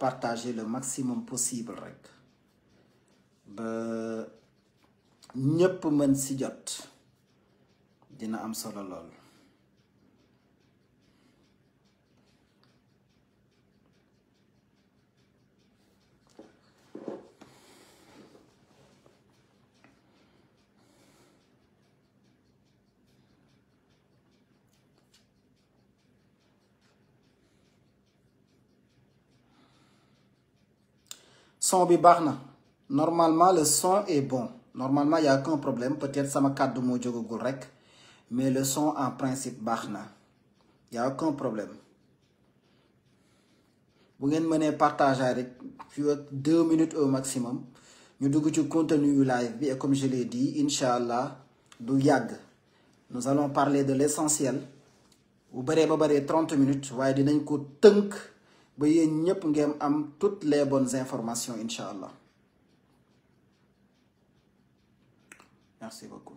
partager le maximum possible rek ba ñëpp mën si jot dina am solo lool son bi normalement le son est bon normalement il n'y a aucun problème peut-être ça 4 de mon rek mais le son en principe bon, il n'y a aucun problème Vous pouvez me partager avec deux minutes au maximum ñu dugg contenu live et comme je l'ai dit Inch'Allah, nous allons parler de l'essentiel Vous pouvez ba bëree 30 minutes waaye dinañ ko tank vous avez toutes les bonnes informations Inch'Allah merci beaucoup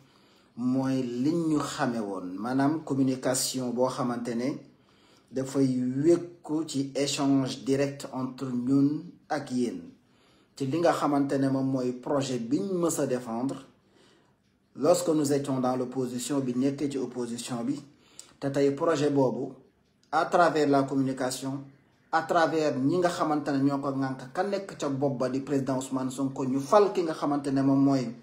moy liñu xamé won manam communication bo xamante da fay wékku ci échange direct entre ñun ak yéen ci li nga xamante mom moy projet biñ mësa défendre lorsque nous étions dans l'opposition bi nekkee ci opposition bi te projet bobu à travers la communication à travers ñi nga xamante ñoko ngank ko ŋànk ka nekk ca bopp di président Ousmane Sonko ñu fal ki nga xamante mom moy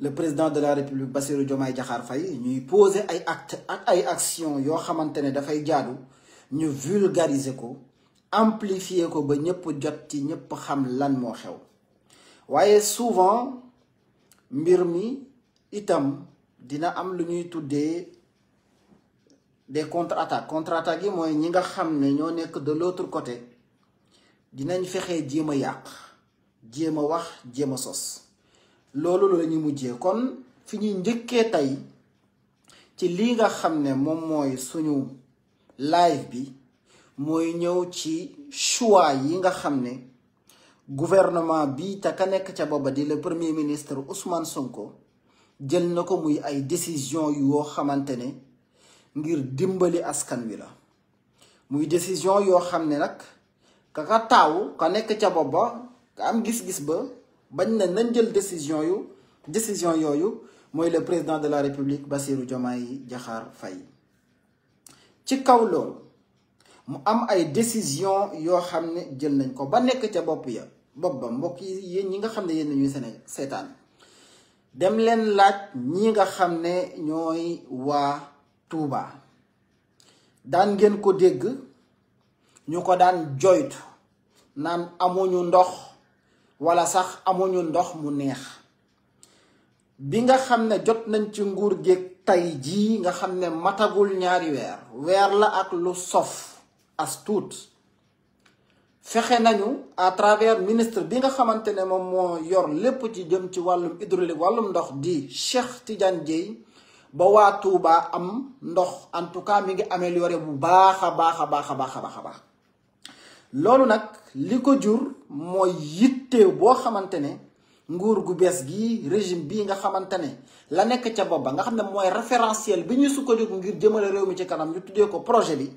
le président de la république Bassirou Diomaye Diakhar Faye ñuy poser ay acte ak ay action yoo xamante ne dafay jaadu ñu vulgariser ko amplifier ko ba ñëpp jot ci ñëpp xam lan moo xew souvent mbir itam dina am lu ñuy tuddee des contre-attaques contre-attaques moy mooy ñi nga xam ne ñoo de l'autre côté dinañ fexé djema yaq djema wax djema sos loolu la mujjee kon fi ñuy njëkkee tey ci lii nga xam ne moom mooy suñu live bi mooy ñëw ci choix yi nga xam ne gouvernement bi te ka nekk ca booba di le premier ministre Ousmane Sonko jël na ko muy ay décision yoo xamante ne ngir dimbali askan wi la muy décision yoo xam ne nag ka ka taaw ka nekk ca booba ka am gis-gis ba bañ na nañ jël décision yu décision yooyu mooy le président de la république Bassirou Diomaye Diakhar fay ci kaw loolu mu am ay décision yoo xam ne jël nañ ko ba nekk ca bopp ya bopp ba mbokk yi yéen ñi nga xam ne yéen nañuy Sénégal seetaan dem leen laaj ñi nga xam ne ñooy waa Touba daan ngeen ko dégg ñu ko daan joytu naan amuñu ndox wala sax amuñu ndox mu neex bi nga xam ne jot nañ ci nguur géeg tey jii nga xam ne matagul ñaari weer weer la ak lu sof as fexe nañu à travers ministre bi nga xamante ne moom moo yor lépp ci jëm ci wàllum hydraulique wàllum ndox di Cheikh Tidiane Dièye ba waa Touba am ndox en tout cas mi ngi amélioré bu baax a baax a baax a baax a baax a baax loolu nag li ko jur mooy yitte boo xamante ne nguur gu bees gi régime bii nga xamante ne la nekk ca bopp ba nga xam ne mooy référentiel bi ñu sukkandiku ngir jëmale réew mi ci kanam ñu tuddee ko projet bi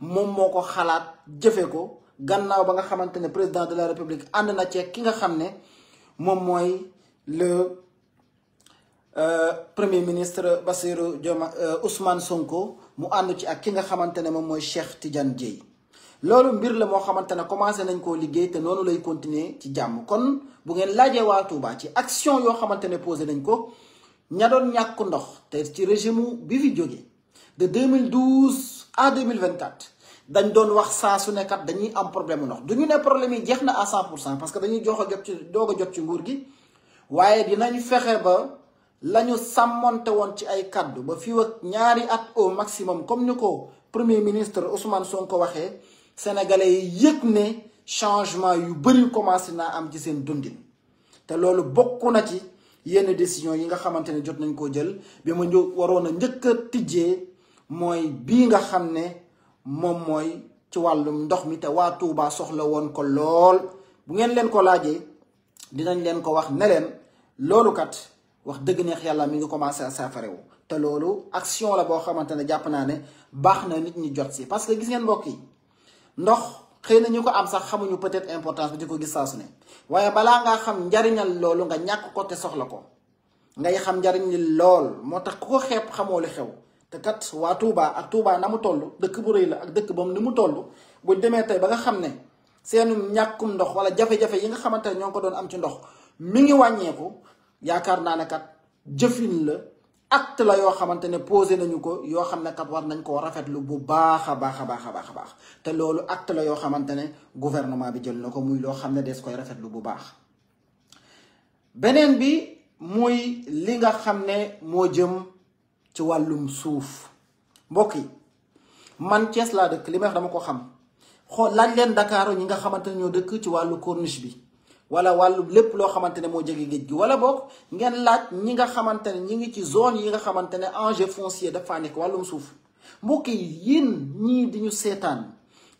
moom moo ko xalaat jëfe ko gannaaw ba nga xamante ne président de la république ànd na ci ki nga xam ne moom mooy le euh, premier ministre Bassirou Diomaye euh, Ousmane Sonko mu ànd ci ak ki nga xamante ne moom mooy Cheikh Tidiane Dièye loolu mbir la moo xamante ne commencé nañ koo liggéey te noonu lay continuer ci jàmm kon bu ngeen laajee waa Touba ci action yoo xamante ne posé nañ ko ña doon ñàkk ndox te ci régime bi fi jóge de 2012 à 2024 dañ doon wax saa su nekkat dañuy am problème ndox du ñu ne problème yi jeex na à 100 pour cent parce que dañuy jox a jot ci doog a jot ci nguur gi waaye dinañ fexe ba lañu sàmmonte woon ci ay kàddu ba fii ak ñaari at au maximum comme ni ko premier ministre Ousmane Sonko waxee. sénégalais yekne changement yu bari commencé na am ci sen dundin te lolu bokku na ci décision yi nga jot a nga xamné mom moy ci walum mi Touba soxla ko bu ngeen ko dinañ ko wax kat wax commencé à action la bo japp na né baxna nit ñi parce que gis ngeen ndox xëy na ñu ko am sax xamuñu peut-être importance bi di ko gis saa ne waaye balaa ngaa xam njariñal loolu nga ñàkk ko te soxla ko ngay xam njariñ li lool moo tax ku ko xeeb xamoo li xew te kat waa Touba ak Touba na mu toll dëkk bu rëy la ak dëkk bam ni mu toll bu demee tey ba nga xam ne seenu ñàkkum ndox wala jafe-jafe yi nga xamante ne ñoo ngi ko doon am ci ndox mu ngi wàññeeku yaakaar naa ne kat jëfin la. acte la yoo xamante ne posé nañu ko yoo xam ne kat war nañ koo rafetlu bu baax a baax a baax a baax a baax te loolu acte la yoo xamante ne gouvernement bi jël na ko muy loo xam ne des koy rafetlu bu baax beneen bi muy li nga xam ne moo jëm ci wàllum suuf mbokk yi man Thiès laa dëkk li may wax dama ko xam xool laaj leen Dakar ñi nga xamante ne ñoo dëkk ci wàllu corniche bi wala walu lepp lo xamantene mo moo jege gi wala bok ngeen laaj ñi nga xamantene ñi ngi ci zone yi nga xamantene ne enjeu foncier dafa nek walum suuf mbokk yi ñi diñu di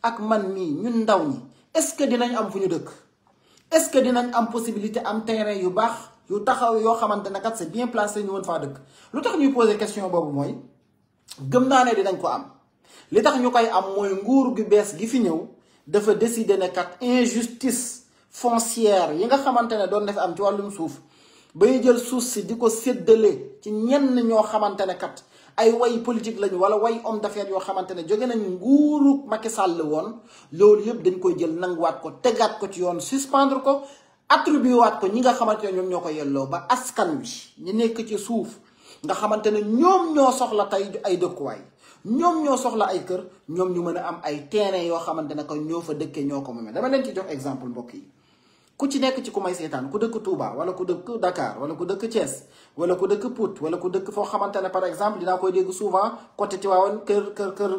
ak man mi ñun ndaw ñi est-ce que dinañ am fuñu ñu dëkk est-ce que dinañ am possibilité am terrain yu bax yu taxaw yo xamantene kat c'est bien placé ñu won fa dëkk lu tax ñuy poser question bobu moy gëm naane dinañ ko am li tax ñu koy am moy nguur gu bes gi fi ñëw dafa décider ne kat injustice. foncière yi nga xamante ne doon def am ci wàllum suuf bay jël suuf si di ko séddale ci ñenn ñoo xamante ne kat ay way politique lañu wala way homme d'affaires yoo xamante ne jóge nañ nguuru Macky Sall woon loolu yëpp dañ koy jël nanguwaat ko tegaat ko ci yoon suspendre ko attribué ko ñi nga xamante ne ñoom ñoo ko yelloo ba askan wi ñu nekk ci suuf nga xamante ne ñoom ñoo soxla tey ay dëkkuwaay ñoom ñoo soxla ay kër ñoom ñu mën a am ay terrain yoo xamante ne ko ñoo fa dëkkee ñoo ko moomee dama leen ci jox exemple mbokk yi. ku ci nekk ci ku may seetaan ku dëkk Touba wala ku dëkk Dakar wala ku dëkk Thiès wala ku dëkk Pout wala ku dëkk foo xamante ne par exemple dinaa koy dégg souvent côté Tivaouane kër kër kër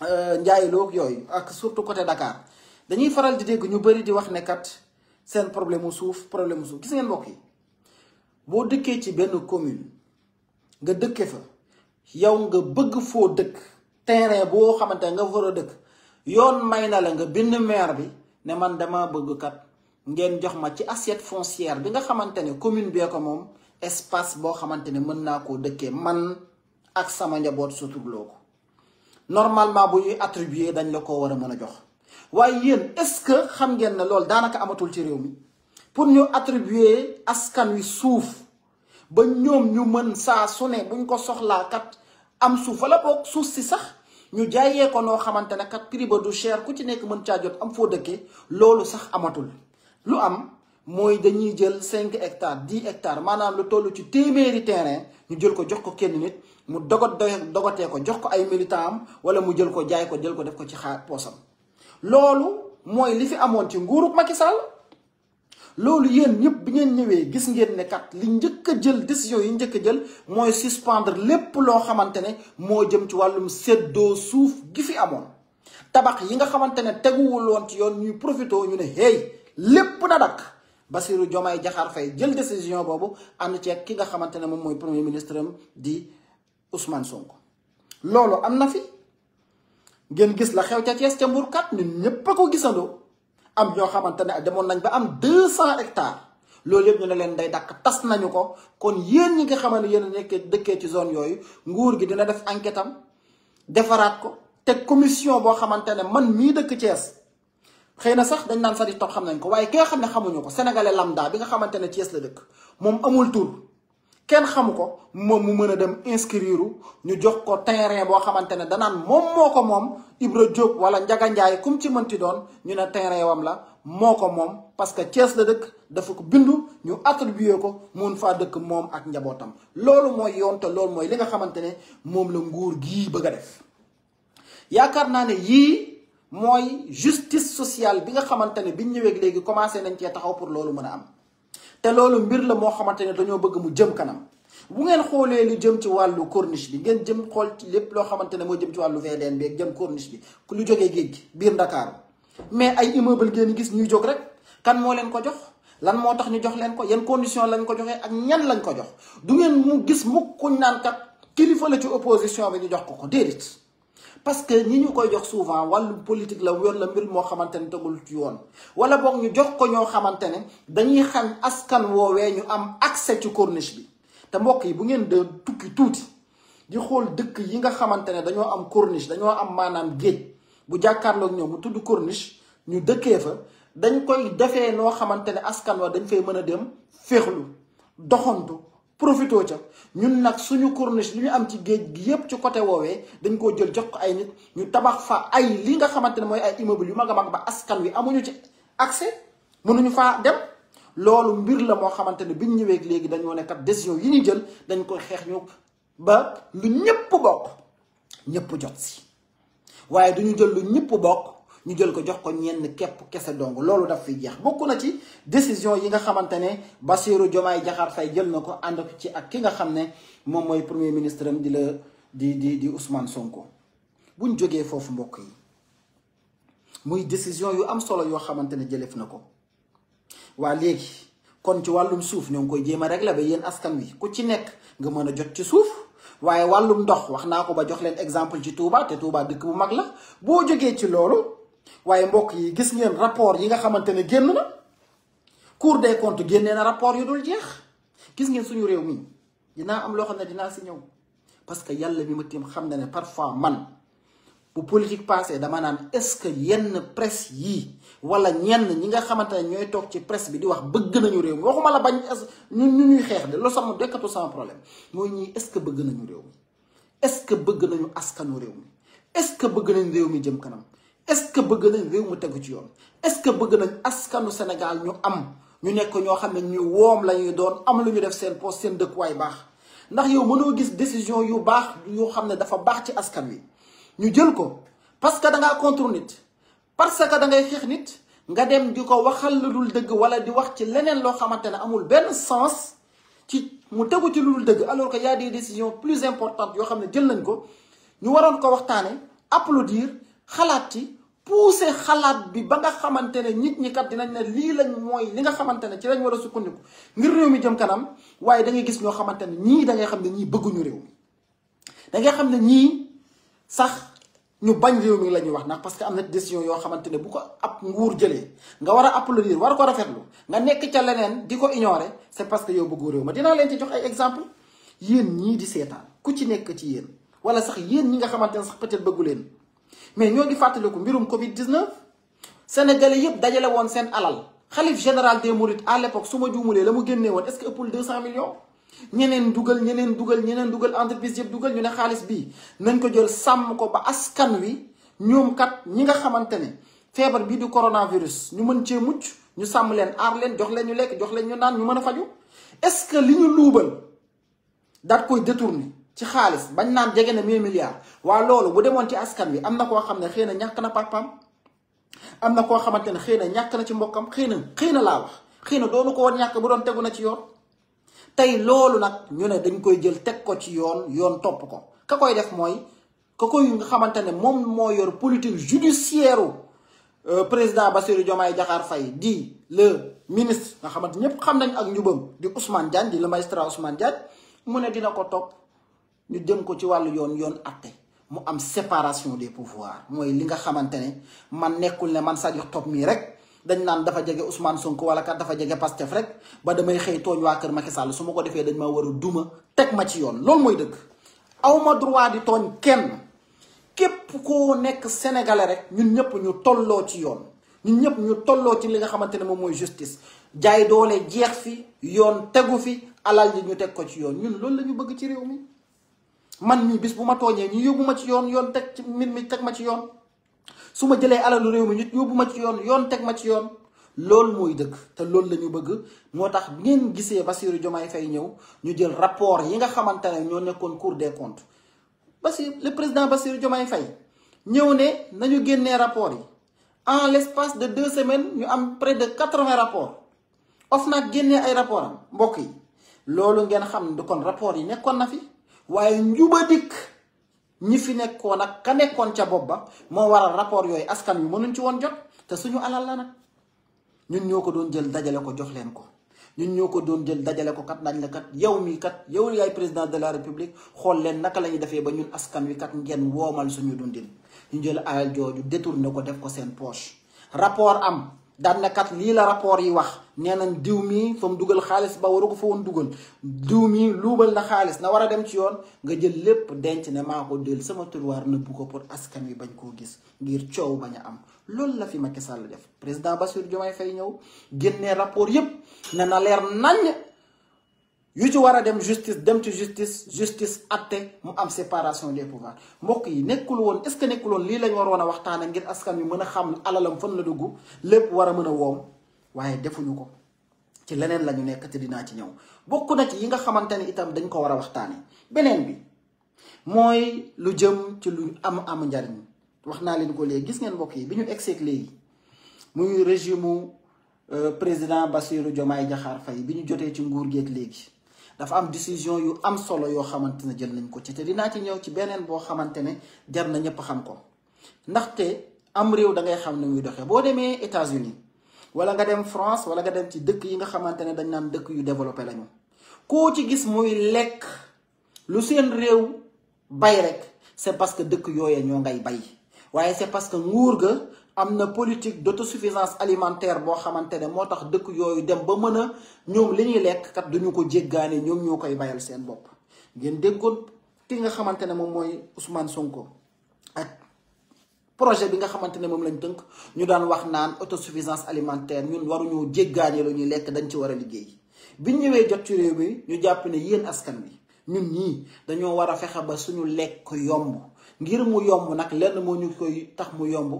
euh, Ndiayeloo yooyu ak surtout côté Dakar dañuy faral di dégg ñu bëri di wax ne kat seen problème mu suuf problème mu suuf gis ngeen mbokk yi boo dëkkee ci benn commune nga dëkke fa yow nga bëgg foo dëkk terrain boo xamante nga war a dëkk yoon may na la nga bind maire bi ne man dama bëgg kat. ngeen jox ma ci assiette foncière bi nga xamante ne commune bee ko moom espace boo xamante ne mën naa koo dëkkee man ak sama njaboot suturloo ko normalement bu ñuy attribuer dañ la ko war a mën a jox waaye yéen est-ce que xam ngeen na loolu daanaka amatul ci réew mi pour ñu attribuer askan wi suuf ba ñoom ñu mën saa su ne buñ ko soxlaa kat am suuf wala boog suuf si sax ñu jaayee ko noo xamante ne kat prix ba du cher ku ci nekk mën caa jot am foo dëkkee loolu sax amatul. lu am mooy dañuy jël cinq hectares di hectares maanaam lu toll ci téeméeri terrain ñu jël ko jox ko kenn nit mu dogot dogotee ko jox ko ay militant am wala mu jël ko jaay ko jël ko def ko ci xaar poosam loolu mooy li fi amoon ci nguurug Macky Sall loolu yéen ñëpp bi ngeen ñëwee gis ngeen ne kat li njëkk a jël décision yi njëkk a jël mooy suspendre lépp loo xamante ne moo jëm ci wàllum séddoo suuf gi fi amoon tabax yi nga xamante ne teguwul ci yoon ñuy profité ñu ne hey lépp na dakk Bassirou Diomaye Diakhar Faye jël décision boobu ànd ceeg ki nga xamante ne moom mooy premier ministre am di Ousmane Sonko loolu am na fi ngeen gis la xew ca Thiès ca Mbourkat ñun ñépp a ko gisandoo am ñoo xamante ne demoon nañ ba am deux cent hectares loolu yëpp ñu leen day dakk tas nañu ko kon yéen ñi nga xamante ne yéen a dëkkee ci zone yooyu nguur gi dina def enquête am defaraat ko te commission boo xamante ne man mii dëkk cees xëy na sax dañ naan sari top xam nañ ko waaye ki nga xam ne xamuñu ko sénégalais lambda bi nga xamante ne Thiès la dëkk moom amul tur kenn xamu ko moom mu mën a dem inscrire ñu jox ko terrain boo xamante ne danaan moom moo ko moom Ibra Diop wala Njaga Njaay kum ci mënti doon ñu ne terrain wam la moo ko moom parce que Thiès la dëkk dafa ko bindu ñu attribué ko mun faa dëkk moom ak njabootam loolu mooy yoon te loolu mooy li nga xamante ne moom la nguur gii bëgg a def yaakaar naa ne yii. mooy justice sociale bi nga xamante ne biñ ñëwee léegi commencé nañ cee taxaw pour loolu mën a am te loolu mbir la moo xamante ne dañoo bëgg mu jëm kanam bu ngeen xoolee li jëm ci wàllu corniche bi ngeen jëm xool ci lépp loo xamante ne moo jëm ci wàllu VDN bi ak bi ku lu jógee géej gi biir Ndakaaru mais ay immeuble ngeen gis ñuy jóg rek kan moo leen ko jox lan moo tax ñu jox leen ko yan condition lañ ko joxee ak ñan lañ ko jox du ngeen mu gis mukk kuñ naan kat kilifa la ci opposition bi ñu jox ko ko déedéet. parce que ñi ñu koy jox souvent wàllu politique la yoon la mbir moo xamante ne tegul ci yoon wala boog ñu jox ko ñoo xamante ne dañuy xañ askan woowee ñu am accès ci corniche bi te mbokk yi bu ngeen de tukki tuuti di xool dëkk yi nga xamante ne dañoo am corniche dañoo am maanaam géej bu jàkkaarloog ñoom mu tudd corniche ñu dëkkee fa dañ koy defee noo xamante ne askan wa dañ fay mën a dem féexlu doxantu profitoo ca ñun nag suñu corniche li ñu am ci géej gi yépp ci côté woowee dañ koo jël jox ko ay nit ñu tabax fa ay li nga xamante ne mooy ay immeuble yu mag a ba askan wi amuñu ci accès mënuñu faa dem loolu mbir la moo xamante ne biñ ñëwee léegi dañoo nekkat décision yu ñu jël dañ koy xeex ñu ba lu ñëpp bokk ñëpp jot si waaye duñu jël lu ñëpp bokk ñu jël ko jox ko ñenn képp kese dong loolu daf fi jeex bokk na ci décision yi nga xamante ne Bassirou Diomaye Diakhar Faye jël na ko ànd ci ak ki nga xam ne moom mooy premier ministre am di la di di di Ousmane Sonko buñ jógee foofu mbokk yi muy décision yu am solo yoo xamante ne jëlef na ko waa léegi kon ci wàllum suuf ñoo ngi koy jéem a régler ba yéen askan wi ku ci nekk nga mën a jot ci suuf waaye wàllum ndox wax naa ko ba jox leen exemple ci Touba te tuubaa dëkk bu mag la boo jógee ci loolu waaye mbokk yi gis ngeen rapport yi nga xamante ne génn na cour de comptes génnee na rapport yu dul jeex gis ngeen suñu réew mi dinaa am loo xam ne dinaa si ñëw parce que yàlla mi ma tiim xam na ne parfois man bu politique passé dama naan est-ce que yenn presse yii wala ñenn ñi nga xamante ne ñooy toog ci presse bi di wax bëgg nañu réew mi waxuma la bañ ñu ñu ñuy xeex de lo sama dekkatu sama problème mooy ñii est-ce que bëgg nañu réew mi est-ce que bëgg nañu askanu réew mi est-ce que bëgg nañu réew mi jëm kanam est-ce que bëgg nañ réew mu ci est-ce que bëgg nañ askanu Sénégal ñu am ñu ñoo ne ñu woom lañuy doon am lu ñu def poste baax ndax yow gis décision yu baax yoo xam dafa baax ci askan wi ñu jël ko parce que da ngaa contre nit parce que da ngay xeex nit nga dem di waxal lu dul wala di wax ci leneen amul sens ci mu ci alors que y a des décisions plus importantes yoo xam jël nañ ko applaudir xalaat ci pousser xalaat bi ba nga xamante ne nit ñi kat dinañ ne lii lañ mooy li nga xamante ne ci lañ war a sukkandiku ngir réew mi jëm kanam waaye da ngay gis ñoo xamante ne ñii da ngay xam ne ñii bëgguñu réew mi da ngay xam ne ñii sax ñu bañ réew mi la ñuy wax ndax parce que am na décision yoo xamante ne bu ko ab nguur jëlee nga war a applaudir war ko rafet lu nga nekk ca leneen di ko ignorer c'est parce que yow bëggu réew ma dinaa leen ci jox ay exemple yéen ñii di seetaan ku ci nekk ci yéen wala sax yéen ñi nga xamante ne sax peut-être bëggu mais ñoo ngi fàttaliku mbirum Covid 19 sénégalais yëpp dajale woon seen alal xalif général des Mourides à l'époque su ma juumulee la mu génnee woon est-ce que ëppul 200 millions. ñeneen dugal ñeneen dugal ñeneen dugal entreprise yëpp dugal ñu ne xaalis bii nañ ko jël sàmm ko ba askan wi ñoom kat ñi nga xamante ne feebar bii du coronavirus ñu mën cee mucc ñu sàmm leen aar leen jox leen ñu lekk jox leen ñu naan ñu mën a faju est-ce que li ñu luubal daat koy détourner. ci xaalis bañ naan jege na mille milliards waa loolu bu demoon ci askan wi am na koo xam ne xëy na ñàkk na papaam am na koo xamante ne xëy na ñàkk na ci mbokkam xëy na xëy na laa wax xëy na doonu ko ñàkk bu doon tegu na ci yoon tey loolu nag ñu ne dañ koy jël teg ko ci yoon yoon topp ko ka koy def mooy ka koy nga xamante ne moom moo yor politique judiciaire euh, président Bassirou Diomaye jakaar fay di le ministre nga xamante ñëpp xam nañ ak njubam di Ousmane Diagne di le magistrat Ousmane Diagne mu ne dina ko topp ñu jëm ko ci wàllu yoon yoon ate mu am séparation des pouvoirs mooy li nga xamante ne man nekkul ne man Sadio Top mii rek dañ naan dafa jege Ousmane sonk wala kat dafa jege Pastef rek ba damay xëy tooñ waa kër Macky Sall su ma ko defee dañ ma war a duma teg ma ci yoon loolu mooy dëgg awma droit di tooñ kenn képp koo nekk sénégalais rek ñun ñëpp ñu tolloo ci yoon ñun ñëpp ñu tolloo ci li nga xamante ne moom mooy justice jaay doole jeex fi yoon tegu fi alal ji ñu teg ko ci yoon ñun loolu la ñu bëgg ci réew mi man mii bis bu ma tooñee ñu yóbbu ma ci yoon yoon teg ci mbir mi teg ma ci yoon su ma jëlee alalu réew mi ñu yóbbu ci yoon yoon teg ma ci yoon loolu mooy dëkk te loolu la ñu bëgg moo tax bi ngeen gisee Bassirou Diomaye fay ñëw ñu jël rapport yi nga xamante ne ñoo nekkoon Cour des comptes Bassirou le président Bassirou Diomaye Faye ñëw ne nañu génnee rapport yi en l'espace de deux semaines ñu am près de quatre mais rapport of nag génnee ay rapport am mbokk yi loolu ngeen xam ne kon rapport yi nekkoon na fi waaye njubadik ñi fi nekkoon ak ka nekkoon ca bopp ba moo waral rapport yooyu askan wi mënuñ ci woon jot te suñu alal la nag ñun ñoo ko doon jël dajale ko jox leen ko ñun ñoo ko doon jël dajale ko kat dañ la kat yow mii kat yow yaay président de la république xool leen naka la ñuy defee ba ñun askan wi kat ngeen woomal suñu dundin ñu jël alal jooju détourné ko def ko seen poche rapport am. danna kat li la rapport yi wax nee diw mi fam duggal xaliss ba waru ko fo won duggal diw mi luubal na xaliss na wara dem ci yoon nga jël lepp denc ne mako ko del sama ne bu ko pour askan wi bañ ko gis ngir ciow baña am lol la fi Macky def president bassir Diomaye fay ñew genné rapport yépp na na leer nañ yu ci war a dem justice dem ci justice justice atte mu am séparation des pouvoirs mbokk yi nekkul woon est-ce que nekkul woon lii lañ waroon a waxtaane ngir askan wi mën a xam alalam fan la dugg lépp war a mën a woom waaye defuñu ko ci leneen la ñu nekk te dinaa ci ñëw bokk na ci yi nga xamante ne itam dañ ko war a waxtaane beneen bi mooy lu jëm ci lu am am njariñ wax naa leen ko léegi gis ngeen mbokk yi bi ñu egseeg léegi muy régime euh, président Bassirou Diomaye Diakhar Faye bi ñu jotee ci nguur geeg léegi dafa am décision yu am solo yoo xamante ne jël nañ ko ci te dinaa ci ñëw ci beneen boo xamante ne jar na ñëpp xam ko ndaxte am réew da ngay xam ne muy doxee boo demee États-Unis wala nga dem France wala nga dem ci dëkk yi nga xamante ne dañ naan dëkk yu développé lañu koo ci gis muy lekk lu seen réew bay rek c'est parce que dëkk yooya ñoo ngay bay waaye c'est parce nguur ga am na politique d'autosuffisance alimentaire boo xamante ne moo tax dëkk yooyu dem ba mën a ñoom li ñuy lekk kat duñu ko jéggaane ñoom ñoo koy bayal seen bopp ngeen déggoon ki nga xamante ne moom mooy Ousmane Sonko ak projet bi nga xamante ne moom lañ tënk ñu daan wax naan autosuffisance alimentaire ñun waruñoo jéggaane lu ñuy lekk dañ ci war a liggéey bi ñu ñëwee jot ci réew mi ñu jàpp ne yéen askan bi ñun ñii dañoo war a fexe ba suñu lekk yomb ngir mu yomb nag lenn moo ñu koy tax mu yomb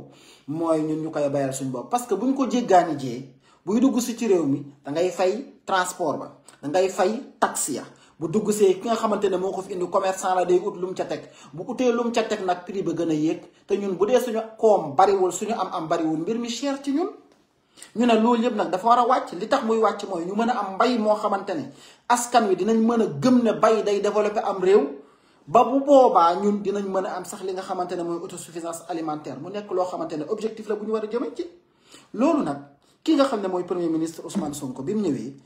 mooy ñun ñu koy bayal suñu bopp parce que bu ñu ko jéggaani jee buy dugg si ci réew mi dangay fay transport ba da ngay fay taxi ya bu dugg see ki nga xamante ne moo ko fi indi commerçant la day ut lu mu ca teg bu utee lum ca teg nag prix ba gën a yéeg te ñun bu dee suñu koom bariwul suñu am am bariwul mbir mi cher ci ñun ñu ne loolu yëpp nag dafa war a wàcc li tax muy wàcc mooy ñu mën a am mbay moo xamante ne askan wi dinañ mën a gëm ne bay day développé am réew ba bu boobaa ñun dinañ mëna am sax li nga xamantene moy autosuffisance alimentaire mu nek lo xamantene objectif la bu ñu war jëme ci lolu nak ki nga xamne moy premier ministre Ousmane Sonko bimu ñëwé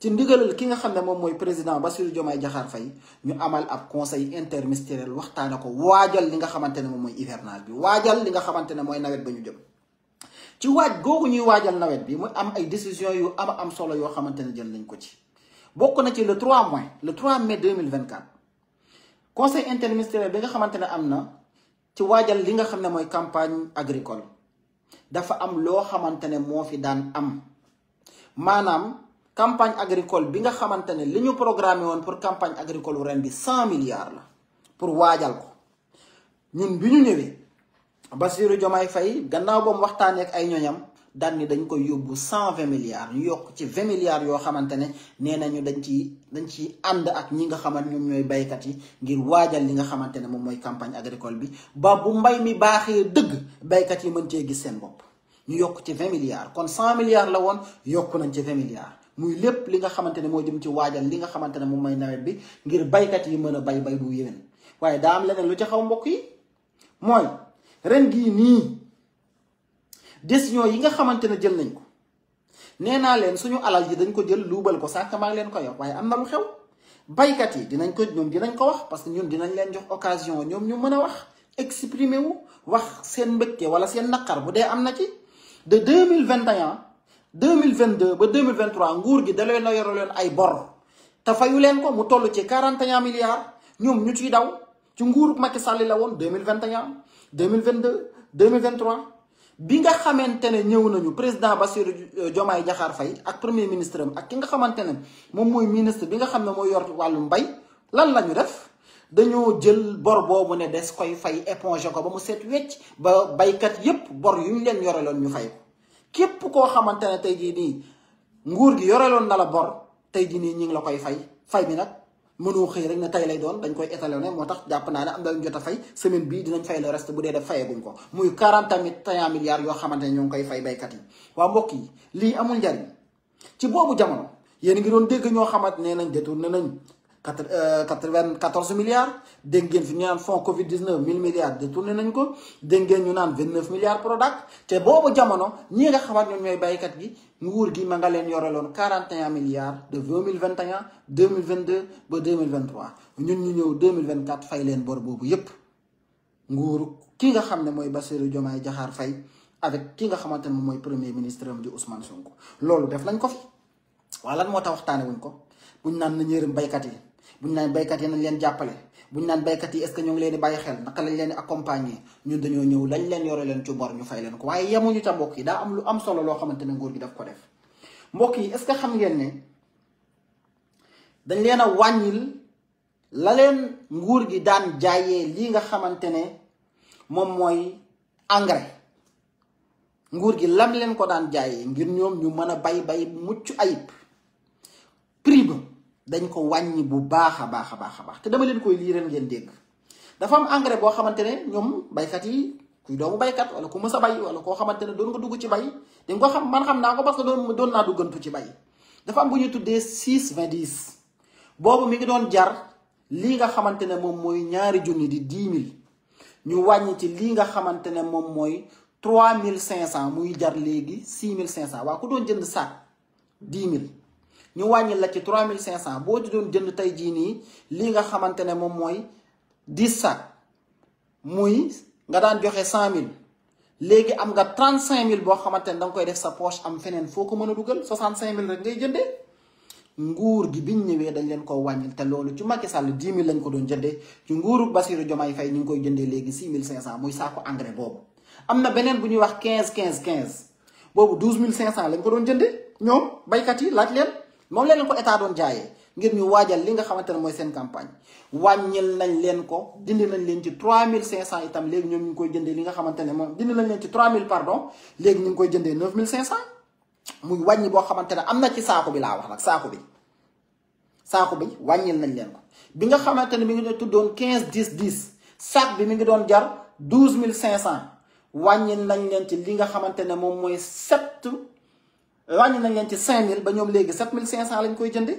ci ndigalal ki nga xamne mom moy président Bassirou Diomaye Diakhar Faye ñu amal ab conseil interministériel waxtana ko wajal li nga xamantene mom moy hivernal bi wajal li nga xamantene moy nawet ba ñu jëm ci waj gogu ñuy wajal nawet bi mu am ay décision yu am am solo yo xamantene jël nañ ko ci bokku na ci le 3 mois le 3 mai 2024 conseil interministériel bi nga xamante ne am na ci waajal li nga xam ne mooy campagne agricole dafa am loo xamante ne moo fi daan am maanaam campagne agricole bi nga xamante ne li ñu programmé woon pour campagne agricole ren bi cent milliards la pour waajal ko ñun bi ñu ñëwee Bassirou Diomaye Faye gannaaw ba mu waxtaanee ak ay ñoñam daan ni dañ koy yóbbu cent vingt milliards ñu yokk ci vingt milliards yoo xamante ne nee nañu dañ ci dañ ciy ànd ak ñi nga xamante ñoom ñooy baykat yi ngir waajal li nga xamante ne moom mooy campagne agricole bi ba bu mbay mi baaxee dëgg baykat yi mën cee gis seen bopp ñu yokk ci vingt kon cent milliards la woon yokk nañ ci vingt muy lépp li nga xamante ne moo jëm ci waajal li nga xamante ne moom mooy nawet bi ngir baykat yi mën a bay bay bu yéwén waaye daa am leneen lu ci xaw mbokk yi mooy ren gii nii décision yi nga xamantene jël nañ ko nee len suñu alal yi dañ ko jël luubal ko sànq maa len ko koy waye amna lu xew baykat yi dinañ ko ñom dinañ ko wax parce que ñun dinañ len jox occasion ñom ñu mëna wax exprimer wu wax sen mbégte wala sen nakar bu dé amna ci de 2021 2022 ba 2023 nguur gi dalé na yoro len ay bor ta fayu len ko mu tollu ci 41 milliards ñom ñu ci daw ci nguur Macky Sall la won 2021 2022 2023 bi nga xamante ne ñëw nañu président ba Bassirou Diomaye Diakhar fay ak premier ministre am ak ki nga xamante ne moom mooy ministre bi nga xam ne moo yor wàllu mbay lan la ñu def dañoo jël bor boobu ne des koy fay éponger ko ba mu set wecc ba baykat yépp bor yu ñu leen yoreloon ñu fay ko képp koo xamante ne tey jii nii nguur gi yoreloon na la bor tey jii nii ñi ngi la koy fay fay bi nag mënoo xëy rek na tay lay doon dañ koy étalonné moo tax jàpp naa ne am na lu ñu jot a fay semaine bii dinañ fay le reste bu dee def fayeguñ ko muy 40 milliards yoo xamante ne ñoo ngi koy fay baykat yi waa mbokk yi lii amul njariñ ci boobu jamono yéen ngi doon dégg ñoo xamante ne nañ détourné nañ quatre euh, quatre vingt quatorze milliards dégg ngeen fi ñu naan fonds Covid 19 mille milliards détourné nañ ko dégg ngeen ñu naan vingt neuf milliards Prodac te boobu jamono ñi nga xamat ñoom ñooy baykat gi nguur gi ma nga leen yoreloon quarante et un milliards de deux mille vingt et un deux mille vingt deux ba deux mille trois ñun ñu ñëw deux mille vingt quatre fay leen bor boobu yépp nguur ki nga xam ne mooy Bassirou Diomaye Diakhar Faye avec ki nga xamante ne mooy premier ministre am di Ousmane Sonko loolu def nañ ko fi waaye lan moo tax waxtaane wuñ ko buñ naan na ñërëm baykat yi. bu ñu naan baykat yi nañ leen jàppale bu ñu naan baykat yi est-ce que ngi leen di bàyyi xel naka lañ leen di accompagner dañoo ñëw lañ leen yore leen ci bor ñu fay leen ko waaye yemuñu ca mbokk yi daa am lu am solo loo xamante ne nguur gi daf ko def mbokk yi est-ce xam ngeen ne dañ leen a wàññil la nguur gi daan jaayee lii nga xamante ne moom mooy engrais nguur gi lam leen ko daan jaayee ngir ñoom ñu mën a bay bay mucc ayib prix ba dañ ko wàññi bu baax a baax a baax a te dama leen koy liiral ngeen dégg dafa am engrais boo xamante ne ñoom baykat yi kuy doomu baykat wala ku mës a bay wala koo xamante ne doon nga dugg ci bay di ko xam man xam naa ko parce que doon doon naa duggantu ci bay dafa am bu ñu tuddee six vingt dix boobu mi ngi doon jar lii nga xamante ne moom mooy ñaari junni di dix mille ñu wàññi ci lii nga xamante ne moom mooy trois mille cinq cent muy jar léegi six mille cinq cent waa ku doon jënd saak dix mille ñu wàññi la ci 3500 boo di doon jënd tey jii nii lii nga xamante ne moom mooy 10 sac muy nga daan joxe 100000 léegi am nga 35000 boo xamante ne da nga def sa poche am feneen foo ko mën a dugal 65000 rek ngay jëndee. nguur gi biñ ñëwee dañ leen ko wàññil te loolu ci Macky Sall 10 000 lañ ko doon jëndee ci nguuru Bassirou Diomaye Faye ñu ngi koy jëndee léegi 6 500 muy saako engrais boobu. am na beneen bu ñuy wax 15 15 15 boobu cinq 500 lañ ko doon jëndee ñoom baykat yi laaj leen. moom leen ko état doon jaayee ngir ñu waajal li nga xamante ne mooy seen campagne wàññil nañ leen ko dindi nañ leen ci mille cent itam léegi ñoom ñu ngi koy jëndee li nga xamante ne moom dindi nañ leen ci 3000 pardon léegi ñu ngi koy jëndee 9500 muy wàññi boo xamante ne am na ci saako bi laa wax nag saako bi saako bi wàññil nañ leen ko bi nga xamante ne mi ngi doon tuddoon 15 10 10 sac bi mi ngi doon jar 12500 wàññil nañ leen ci li nga xamante ne moom mooy sept. wàññi nañ leen ci 5000 ba ñoom léegi 7500 lañ koy jënde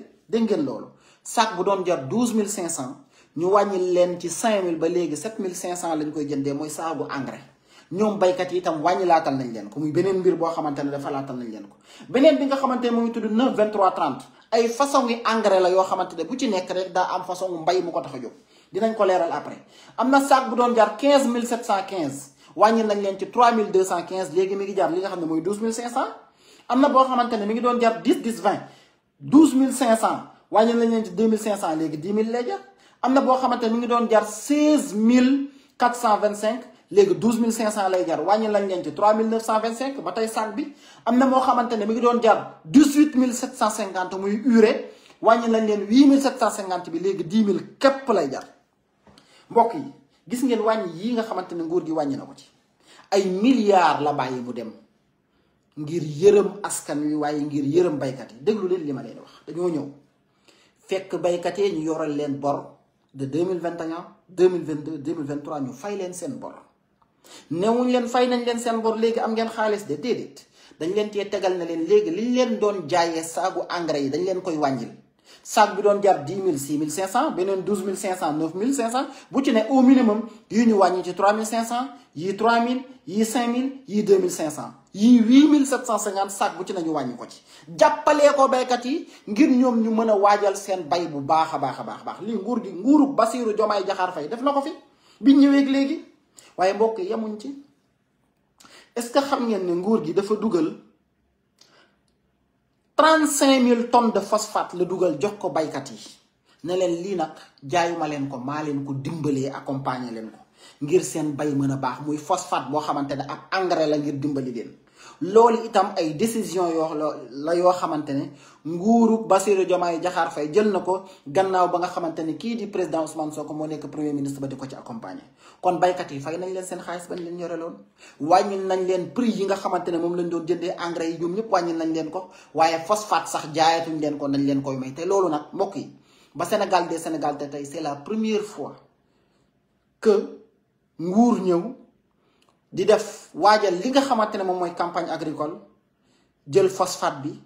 ñu wàññi leen ci 5000 ba léegi 7500 lañ koy jëndee mooy saagu engrais ñoom baykat yi itam wàññi laatal nañ leen ko muy beneen mbir ne dafa xamante ne mu ngi tudd 9 23 30 ay façon yi engrais la yoo xamante ne bu ci nekk rek a jóg dinañ ko leeral après am na doon jar léegi mi ngi jar li nga xam ne mooy 12500 am na boo xamante ne mi ngi doon jar 10 10 20 12500 wàññi nañ leen ci 2500 léegi 10 000 lay jar am na boo xamante ne mi ngi doon jar 16425 léegi 12500 lay jar wàññi lañ leen ci 3925 ba tey saak bi am na moo xamante ne mi ngi doon jar 18750 muy urée wàññi lañ leen 8750 bi léegi 10 000 képp lay jar mbokk yi gis ngeen wàññi yii nga xamante ne nguur gi wàññi na ko ci ay milliards la bàyyi mu dem. ngir yërëm askan wi waaye ngir yërëm baykat yi déglu leen li ma leen wax dañoo ñëw fekk baykat yi ñu yoral leen bor de deux mille vingt et un deux mille vingt deux deux mille vingt trois ñu fay leen seen bor newuñ leen fay nañ leen seen bor léegi am ngeen xaalis de déedéet dañ leen cee tegal na leen léegi liñ leen doon jaayee saagu engrais yi dañ leen koy wàññil saag bi doon jar dix mille six mille cinq cent beneen douze mille cinq cent neuf mille cinq cent bu ci ne au minimum yii ñu wàññi ci trois yi 8750 sac bu ci nañu wañ ko ci jappale ko baykat yi ngir ñom ñu mëna wajal seen bay bu baaxa baaxa baax baax li nguur gi nguuru basiru jomay jaxar fay def nako fi bi ñëwé ak légui waye mbokk yamuñ ci est ce xam ngeen ne nguur gi dafa dugal 35000 tonnes de phosphate le duggal jox ko baykat yi ne len li nak jaayuma len ko ma len ko dimbalee accompagner len ko ngir sen bay meuna bax muy phosphate bo xamantene ak engrais la ngir dimbali len loli itam ay decision yo la yo xamantene nguru basiru jomay jaxar fay jël nako gannaaw ba nga xamantene ki di president Ousmane Sonko mo nek premier ministre ba di ko ci accompagner kon baykat yi fay nañ leen sen xaliss ban leen ñoro yoreloon wàññil nañ leen prix yi nga xamantene mom lañ doon jëndé engrais yi ñoom ñep wàññil nañ leen ko waye phosphate sax jaayatuñ leen ko nañ leen koy may te loolu nak mbokk yi ba Sénégal de Sénégal te c'est la première fois que nguur ñew di def waajal li nga xamante ne moom mooy campagne agricole jël phosphate bi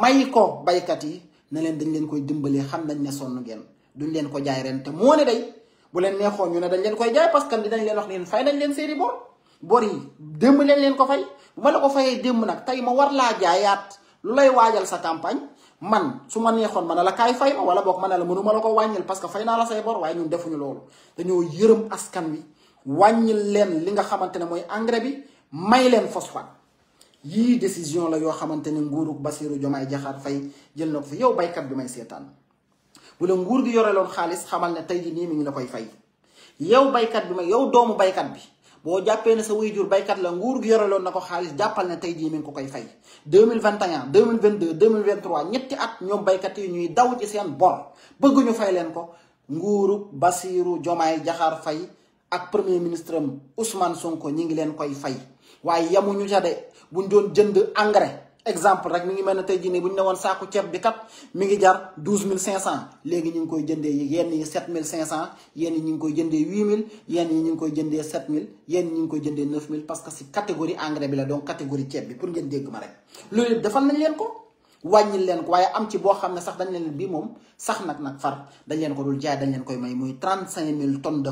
may ko baykat yi ne leen dañ leen koy dimbalee xam nañ ne sonn ngeen duñ leen ko jaay ren te moo ne day bu leen neexoon ñu ne dañ leen koy jaay parce que dañ leen wax ne fay nañ leen seeni bor bor yi démb leen leen ko fay bu ma la ko fayee démb nag tay ma war laa jaayaat lu lay waajal sa campagne man su ma neexoon ma ne la kaay fay ma wala boog ma ne la mënu ma la ko wàññil parce que fay naa la say bor waaye ñun defuñu loolu dañoo yërëm askan wi. wàññil leen li nga xamante ne mooy engrais bi may leen phosphate yii décision la yoo xamante ne nguurug Bassirou Diomaye Diakhar fay jël na ko fi yow baykat bi may seetaan bu la nguur gi yoreloon xaalis xamal ne tey jii nii mi ngi la koy fay yow baykat bi may yow doomu baykat bi boo jàppee ne sa way waajur baykat la nguur gi yoreloon na ko xaalis jàppal ne tey jii mi ngi ko koy fay 2021 2022 2023 ñetti at ñoom baykat yi ñuy daw ci seen bor bëgguñu fay leen ko nguurug Bassirou Diomaye Diakhar Faye ak premier ministre am Ousmane Sonko ñi ngi leen koy fay waaye yamuñu ca de ñu doon jënd engrais exemple rek mi ngi mel tey jii nii bu ñu ne woon saaku ceeb bi kat mi ngi jar douze mille cinq cent léegi ñu ngi koy jëndee yenn yi sept mille cinq cent yenn yi ñu ngi koy jëndee huit mille yenn ñu ngi koy jëndee sept mille yenn ñu ngi koy jëndee neuf mille parce que si catégorie engrais bi la donc catégorie ceeb bi pour ngeen dégg ma rek. loolu yëpp defal nañ leen ko wàññil leen ko waaye am ci boo xam ne sax dañ leen bii moom sax nag nag far dañ leen ko dul jaay dañ leen koy may muy trente cinq mille tonnes de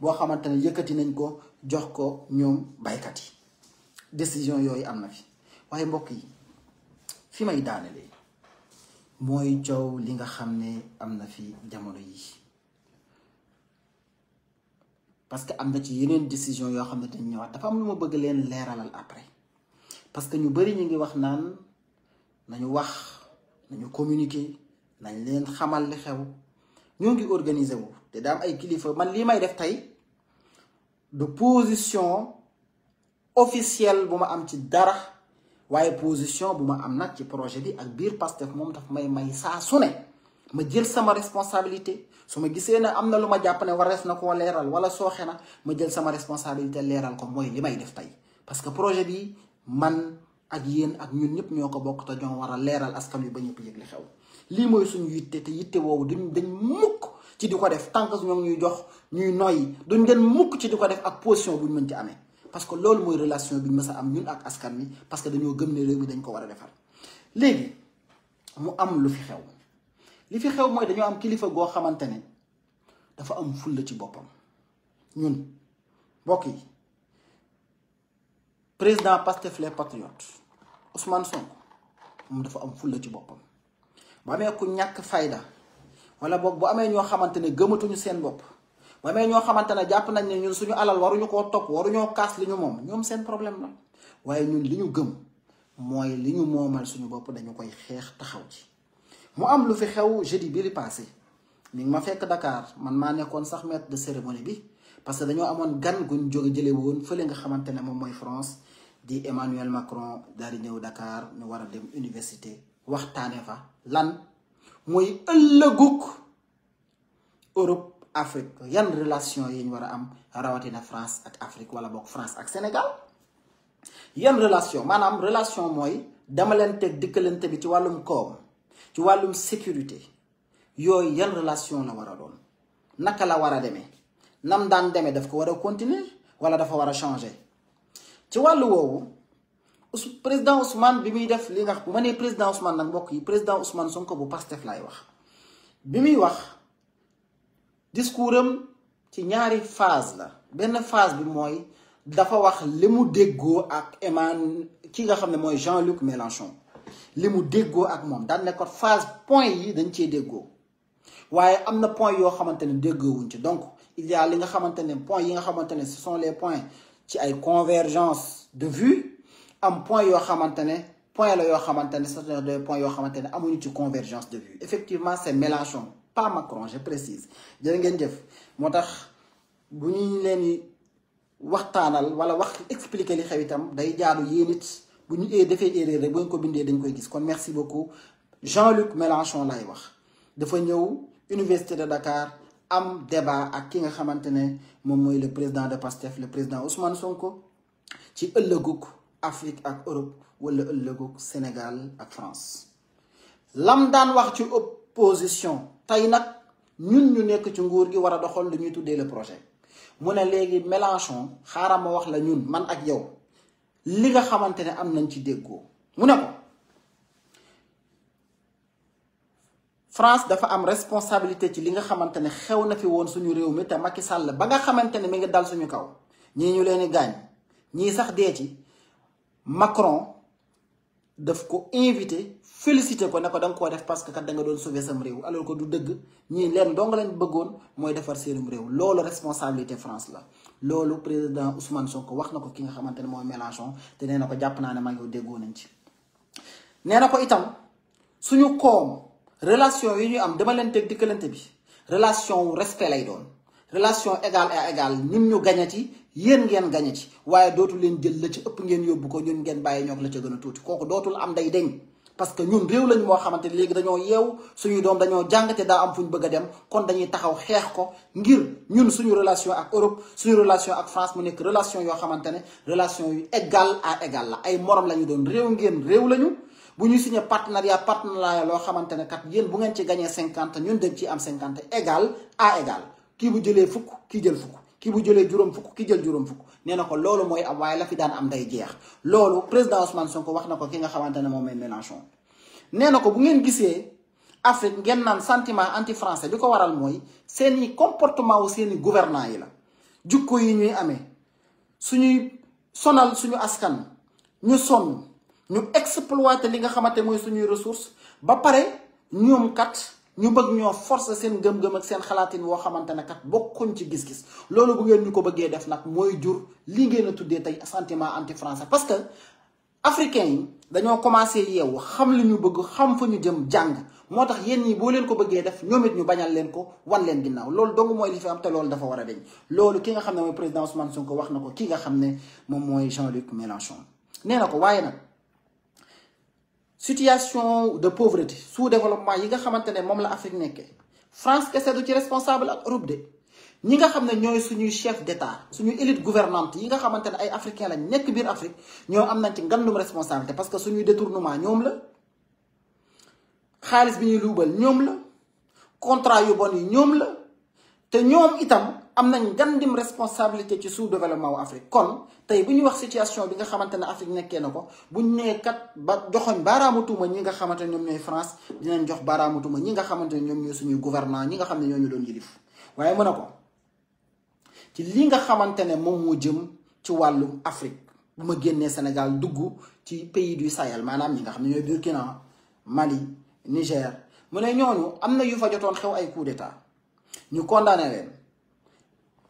boo xamante ne yëkkati nañ ko jox ko ñoom baykat yi décision yooyu am na fi waaye mbokk yi fi may daanelee mooy coow li nga xam ne am na fi jamono yi parce que am na ci yeneen décision yoo xam ne dañ ñëwaat dafa am lu ma bëgg leen leeralal après parce que ñu bari ñu ngi wax naan nañu wax nañu communiquer nañ leen xamal li xew ñoo ngi organiser wu te daam ay kilifa man lii may def tey du position officielle bu ma am ci dara waaye position bu ma am nag ci projet bi ak biir Pastef moom daf may may saa su ne ma jël sama responsabilité su ma gisee ne am na lu ma jàpp ne warees na koo leeral wala sooxe na ma jël sama responsabilité leeral ko mooy li may def tey parce que projet bi man ak yéen ak ñun ñëpp ñoo ko bokk te ñoo war a leeral askan wi ba ñëpp yëg xew li moy suñu duñ dañ mukk ci diko def ñuy jox ñuy noy duñ mukk ci diko def ak position buñ mën ci parce que lool que relation bi mësa am ñun ak askan mi parce que je gëm né réew mi dañ ko wara défar légui mu am lu fi xew li fi xew moy dañu am kilifa go xamantene dafa am ci je ñun bokki président Pasteur, les patriotes Ousmane Sonko mom dafa am ci bu amee ku ñàkk fayda wala boog bu amee ñoo xamante ne gëmatuñu seen bopp bu amee ñoo xamante ne jàpp nañ ne ñun suñu alal waruñu koo topp waruñoo kaas li ñu moom ñoom seen problème la waaye ñun li ñu gëm mooy li ñu moomal suñu bopp dañu koy xeex taxaw ci mu am lu fi xew jeudi bi li passé ngi ma fekk dakaar man maa nekkoon sax maître de cérémonie bi parce que dañoo amoon gan guñ jóge jële woon fële nga xamante ne moom mooy France di Emmanuel Macron daal di ñëw Dakar ñu war a dem université waxtaane fa lan mooy ëllëgug Europe Afrique yan relation yi ñu war a am rawatina France ak Afrique wala boog France ak Sénégal yan relation maanaam relation mooy demalanteeg dikkalante bi ci wàllum koom ci wàllum sécurité yooyu yan relation la war a doon naka la war a demee nam daan demee daf ko war a continuer wala dafa war a changer ci wàllu woowu président Ousmane bi muy def li nga bu mané président Ousmane nak mbokk yi président Ousmane Sonko bu Pastef lay wax bi muy wax discours ci ñaari phase la benn phase bi moy dafa wax li déggo ak Eman ki nga xamné moy Jean-Luc Mélenchon li déggo déggoo ak moom daan ko phase point yi dañ cee déggo waaye amna point yo xamante ne déggoowuñ ci donc il y a li nga xamante point yi nga xamante ce sont les points ci ay convergence de vue am point yo point la yo xamante ne point point des points ci convergence de vues. effectivement c'est Mélenchon pas Macron je précise jërë ngeen def motax buñu bu ni waxtanal wala wax expliquer li xew itam day jaaru yéen buñu é défé ee ko bindé dañ koy gis kon merci beaucoup Jean-Luc Mélenchon lay wax dafa Université de Dakar am débat ak ki nga xamante mom moy le président de PASTEF le président Ousmane Sonko ci ëllëgug Afrique ak Europe wala ëllëgoog Sénégal ak France lam daan wax ci opposition tey nag ñun ñu nekk ci nguur gi war a doxal lu ñuy tuddee le projet mu ne léegi Mélenchon xaaral ma wax la ñun man ak yow li nga xamante ne am nañ ci déggoo mu ne ko France dafa am responsabilité ci li nga xamante ne xew na fi woon suñu réew mi te Macky sàll ba nga xamante ne mi ngi dal suñu kaw ñii ñu leen gaañ ñii sax dee ci Macron daf ko invité féliciter ko ne ko da nga koo def parce que kat da nga don sauver sam rew alors ko du deug ñii len dong leen beggone moy defar seenum rew lolu responsabilité France la. lolu président Ousmane Sonko wax nako ki nga xamantene moy Mélenchon te nee ko japp naa ne maa ngi déggoo nañ ci. nee ko itam suñu koom relation yi ñu am demalanteeg dikkalante bi relation respect lay don relation égal à égal nim ñu gañati yéen ngeen gañe ci waaye dootu leen jël la ci ëpp ngeen yóbbu ko ñun ngeen bàyyi ñoog la ca gën a tuuti kooku dootul am day deñ parce que ñun réew lañ moo xamante ne léegi dañoo yeew suñu doom dañoo jàngate daa am fu ñu bëgg a dem kon dañuy taxaw xeex ko ngir ñun suñu relation ak Europe suñu relation ak France mu nekk relation yoo xamante ne relation yu égal à égal la ay moroom lañu doon réew ngeen réew lañu bu ñu signé partenariat partenariat loo xamante ne kat yéen bu ngeen ci gañee cinquante ñun dañ ciy am cinquante égal à kii bu jëlee fukk kii jël fukk ki bu jëlee juróom fukk ki jël juróom fukk nee na ko loolu mooy am waaye la fi daan am day jeex loolu président Ousmane ko wax na ko ki nga xamante ne moom mooy Mélenchon nee na ko bu ngeen gisee Afrique ngeen naan sentiment anti français bi ko waral mooy seeni comportement wu seeni gouvernants yi la jukko yi ñuy amee suñuy sonal suñu askan ñu sonn ñu exploiter li nga xamante mooy suñuy ressources ba pare ñoom kat ñu bëgg ñoo forcer seen gëm-gëm ak seen xalaatin woo xamante ne kat bokkuñ ci gis-gis loolu bu ngeen ñu ko bëggee def nag mooy jur li ngeen a tuddee tey sentiment anti français parce que africains yi dañoo commencé yeewu xam li ñu bëgg xam fa ñu jëm jàng moo tax yéen yi boo leen ko bëggee def ñoom ñu bañal leen ko wan leen ginnaaw loolu dong mooy li fi am te loolu dafa war a deñ loolu ki nga xam ne mooy président Ousmane ko wax na ko ki nga xam ne moom mooy Jean-Luc Mélenchon nee na ko waaye situation de pauvreté sous-développement yi nga xamantene mom la Afrique nekkee France kessé du ci responsable ak Europe de ñi nga xam ñoy suñu chef d'État suñu élite gouvernante yi nga xamantene ay africains la nekk biir Afrique ñoo am nañ ci ngandum responsabilité parce que suñu détournement ñom la xaalis bi ñuy Loubal, ñom la contrat yu bon yi ñoom la te ñom itam am nañ gandim responsabilité ci sous développement wu Afrique kon tey bu ñuy wax situation bi nga xamante ne Afrique nekkee na ko bu nee kat ba joxoñ baaraamatuma ñi nga xamante ne ñoom ñooy France dinañ jox baaraamu ñi nga xamante ne ñoom ñooy suñuy gouvernement ñi nga xam ne ñoo ñu doon yilif waaye mën na ko ci li nga xamante ne moom moo jëm ci wàllu Afrique bu ma génnee Sénégal dugg ci pays du Sahel maanaam ñi nga xam ne ñooy Burkina Mali Niger mu ne ñooñu am na yu fa jotoon xew ay coup d'état ñu condamné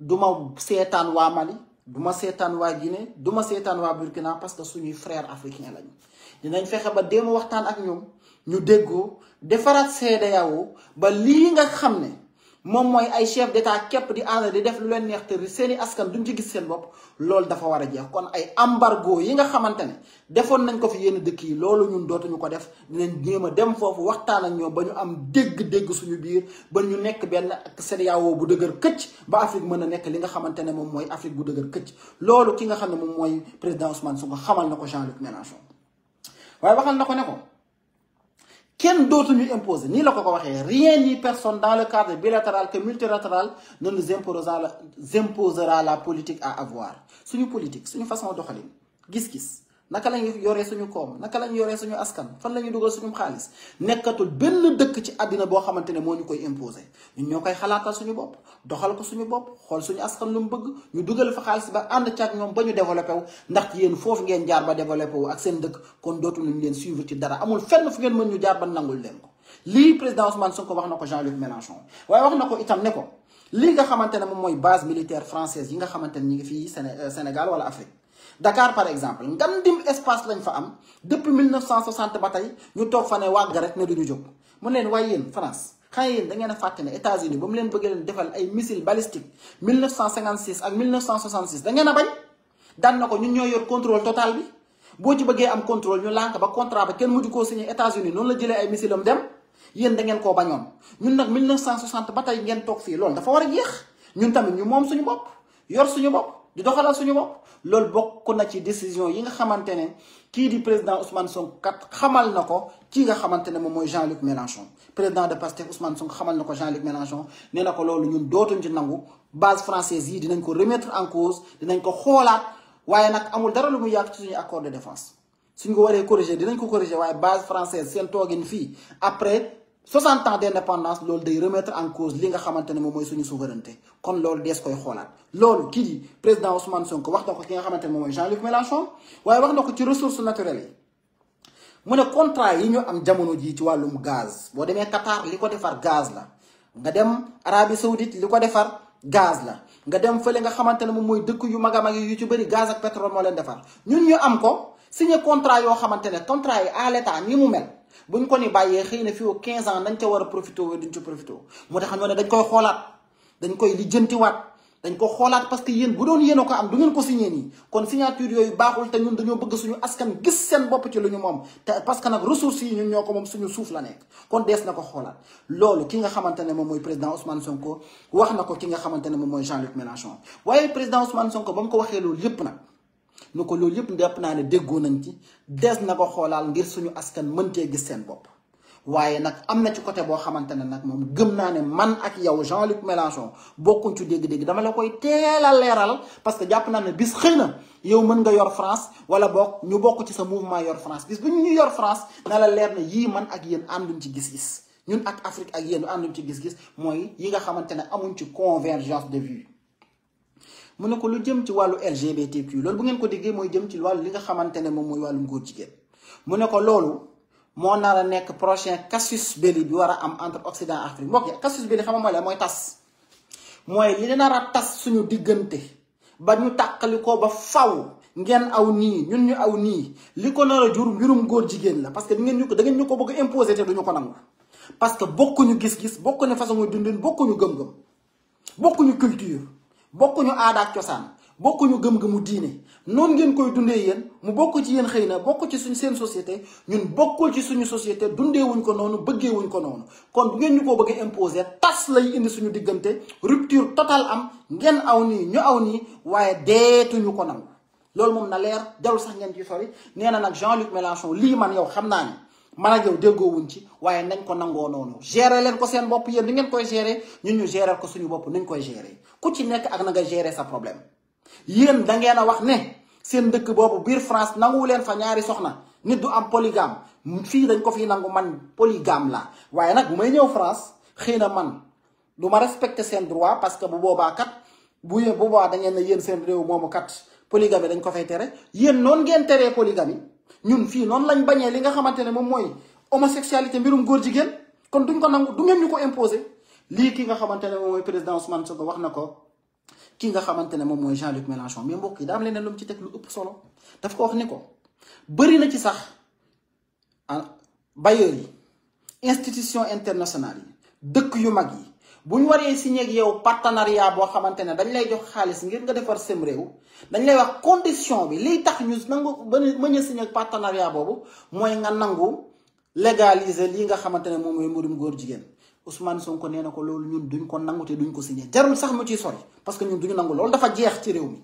duma seetaan waa Mali duma seetaan waa Guinée duma seetaan waa Burkina parce que suñuy frère africain lañu dinañ fexe ba déema waxtaan ak ñoom ñu déggoo defaraat CEDEAO ba lii nga xam ne moom mooy ay chef d'état képp di ànd di def lu leen neex te seeni askan duñ ci gis seen bopp loolu dafa war a jeex kon ay embargo yi nga xamante ne defoon nañ ko fi yenn dëkk yi loolu ñun dootuñu ko def dinañ jéem a dem foofu waxtaan ak ñoom ba ñu am dégg-dégg suñu biir ba ñu nekk benn ak CEDEAO bu dëgër këcc ba Afrique mën a nekk li nga xamante ne moom mooy Afrique bu dëgër këcc loolu ki nga xam ne moom mooy président su Sonko xamal na ko Jean-Luc Mélenchon waaye waxal na ko ne ko Qu'un d'autre nous impose ni le rien ni personne dans le cadre bilatéral que multilatéral ne nous imposera la imposera la politique à avoir C'est une politique c'est une façon faire. gis-gis naka lañ yoree suñu koom naka lañ yore suñu askan fan la ñuy dugal suñu xaalis nekkatul benn dëkk ci àddina boo xamante ne moo ñu koy imposer ñun ñoo koy xalaatal suñu bopp doxal ko suñu bopp xool suñu askan lu mu bëgg ñu dugal fa xaalis ba ànd caag ñoom ba ñu développé wu ndax yéen foofu ngeen ba développé wu ak seen dëkk kon dootu leen suivre ci dara amul fenn fu ngeen mën ñu jaar ba leen ko lii président Ousmane Sonko wax na ko Jean-Luc Mélenchon wax na ko itam ne ko lii ne moom mooy base militaire française yi nga xamante ne ñi ngi fii euh, Sénégal wala Afrique Dakar par exemple dim espace lañ fa am depuis 1960 bataille, tey ñu toog fa ne wàgg rek ne duñu jóg mu leen waaye yéen France xanaa yéen da ngeen a fàtte ne États-Unis ba mu leen bëggee leen defal ay missile balistique 1956 ak 1966 da ngeen a bañ daan na ko ñun ñoo contrôle total bi boo ci bëggee am contrôle ñu lànk ba contrat ba kenn mujj koo signé États-Unis Non, la jëlee ay missile am dem yéen da ngeen koo bañoon ñun nag 1960 ba tey ngeen toog fii loolu dafa war a jeex ñun tamit ñu moom suñu bopp yor suñu bopp dokhala doxalal suñu bopp loolu bokk na ci décision yi nga xamantene ki di président Ousmane Sonko kat xamal nako ki nga xamantene ne Jean-Luc Mélenchon président de Pastef Ousmane Sonko xamal nako Jean-Luc Mélenchon né na ko ñun dootun ci nangu base française yi dinañ ko remettre en cause dinañ ko xolaat waye nak amul dara lu mu yàq ci suñu accord de défense suñu ko waree corriger dinañ ko corriger waye base française sen togin fi après soixante ans d'indépendance loolu day remettre en cause li nga xamante ne moom mooy suñu souveraineté kon loolu dees koy xoolaat loolu kii di président Ousmane Sonko wax na ko ki nga xamante ne moom mooy Jean-Luc Mélenchon waaye wax na ko ci ressources naturelles yi mu ne contrat yi ñu am jamono jii ci wàllum gaz boo demee Qatar li ko defar gaz la nga dem Arabie Saoudite li ko defar gaz la nga dem fële nga xamante ne moom mooy dëkk yu mag a mag yu ci bëri gaz ak pétrole defar ñun ñu am ko signé contrat yoo xamante ne contrat yi à l'état ni mu mel. buñ ko ni bàyyee xëy na fii au 15 ans dañ ca war a profité wala duñ ca profité moo tax ñoo ne dañ koy xoolaat dañ koy lijjantiwaat dañ ko xoolaat parce que yéen bu doon yéen ko am du ngeen ko signé nii kon signature yooyu baaxul te ñun dañoo bëgg suñu askan gis seen bopp ci lu ñu moom te parce que nag ressources yi ñun ñoo ko moom suñu suuf la nekk kon dees na ko xoolaat loolu ki nga xamante ne moom mooy président Ousmane Sonko wax na ko ki nga xamante ne moom mooy Jean-Luc Mélenchon waaye président Ousmane Sonko ba mu ko waxee loolu yépp nag nu ko loolu yëpp jàpp naa ne déggoo nañ ci des na ko xoolaal ngir suñu askan mëntee gis seen bopp waaye nag am na ci côté boo xamante ne nag moom gëm naa ne man ak yow Jean-Luc Mélenchon bokkuñ ci dégg-dégg dama la koy a leeral parce que jàpp naa ne bis xëy na yow mën nga yor France wala boog ñu bokk ci sa mouvement France bis bu ñu yor France na la leer ne yii man ak yéen ànduñ ci gis-gis ñun ak Afrique ak yéen ànduñ ci gis-gis mooy yi nga xamante ne amuñ ci convergence de vue mu ne ko lu jëm ci wàllu LGBTQ loolu bu ngeen ko déggee mooy jëm ci wàllu li nga xamante ne moom mooy wàllum góor jigéen mu ne ko loolu moo naa a nekk prochain casus belli bi war a am entre Occident et Afrique mbokk yi casus belli mooy tas mooy li nar tas suñu diggante ba ñu tàqali ko ba faw ngeen aw nii ñun ñu aw nii li ko nar a jur mbirum góor jigéen la parce que da ngeen ñu ko da ngeen ñu ko bëgg imposer te duñu ko nangu parce que bokkuñu gis-gis bokkuñu façon muy dundin bokkuñu gëm-gëm bokkuñu culture ñu aada ak bokku ñu gëm-gëmu diiné non ngeen koy dundee yeen mu bokku ci yeen xeyna bokku Beaucoup ci suñ seen société ñun bokkul ci société dundé wuñ ko wuñ ko kon bu ngeen ñuko imposer tas lay indi suñu digënté rupture totale am ngeen aw nous ñu aw nii waaye lol ko lool mom na leer jarul sax ngeen ci sori nak Jean-Luc Mélenchon li man yow xamna ni man ak yow déggoo wuñ ci waaye nañ ko nangoo nonu gérer leen ko seen ni koy gérer ñun ko suñu nañ koy gérer ku ci nek ak na nga gérer sa problème yeen da ngeen wax ne seen dëkk bobu biir France nangou len fa ñaari soxna nit du am polygame fi dañ ko fi nangou man polygame la waye nak bu may France xeyna man du ma respecter seen droit parce que bu boba kat bu bu boba da ngeen ne yeen seen rew momu kat polygame dañ ko fay téré yeen non ngeen téré polygame ñun fi non lañ bañé li nga xamantene mom moy homosexualité mbirum góor jigen kon duñ ko nangou du ngeen ñu ko imposer lii ki nga xamante ne moom mooy président Ousmane Sonko wax na ko ki nga xamante ne moom mooy Jean-Luc Mélenchon mais mbokk yi daa am leneen lu mu ci teg lu ëpp solo daf ko wax ni ko bëri na ci sax ah, bailleurs yi institution international yi dëkk yu mag yi bu ñu waree signé ak yow partenariat boo xamante ne dañ lay jox xaalis ngir nga defar seen réew dañ lay wax condition bi liy tax ñu nangu ba mën a signé ak partenariat boobu mooy nga nangu légaliser lii nga xamante ne moom mooy mbirum góor jigéen. Ousmane Sonko nee ko lolou ñun duñ ko nangute duñ ko signé jarul sax mu ci sori parce que ñun duñu nangul lolou dafa jeex ci réew mi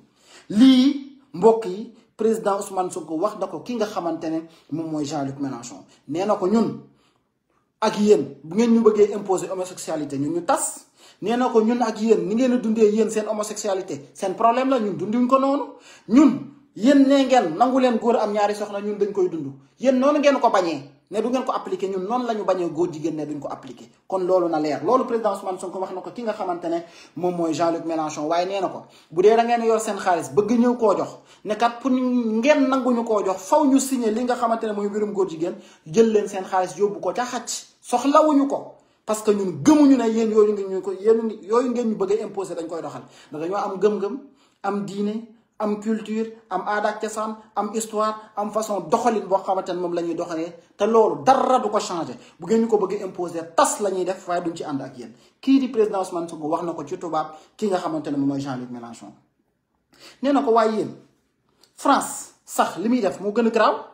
lii mbokk yi président Ousmane Sonko wax na ko ki nga xamantene mom moy Jean-Luc Mélenchon nee ko ñun ak yeen bu ngeen ñu bëggee imposer homosexualité ñun ñu tass nee ko ñun ak yeen ni ngeen dundé yeen seen homosexualité seen problème la ñun dunduñ ko noonu ñun yeen ne ngeen nangulen goor am ñaari soxna ñun dañ koy dundu yeen noonu ngeen ko bañé ne du ngeen ko appliqué ñun noonu la ñu bañee góor jigéen ne duñ ko appliqué kon loolu na leer loolu président Ousmane Sonko wax na ko ki nga xamante ne moom mooy Jean-Luc Mélenchon waaye nee na ko bu dee da ngeen yor seen xaalis bëgg ñëw koo jox ne kat pour ngeen nanguñu koo jox faw ñu signé li nga xamante ne mooy mbirum góor jigéen jël leen seen xaalis yóbbu ko ca xacc soxlawuñu ko parce que ñun gëmuñu ne yéen yooyu ngeen ñu ko yéen yooyu ngeen ñu bëgg imposé dañ koy doxal ndax dañoo am gëm-gëm am diine am culture am aada ak cosaan am histoire am façon doxalin bo xamante mom lañuy doxale té doxalee loolu dara du ko changé bu ngeen ñu ko bëgg imposer tas lañuy def way duñ ci and ak yeen ki di président Ousmane Sonko wax nako ci tubaab ki nga xamantene ne mooy Jean-Luc Mélenchon. né nako way yeen France sax limi def mo gën a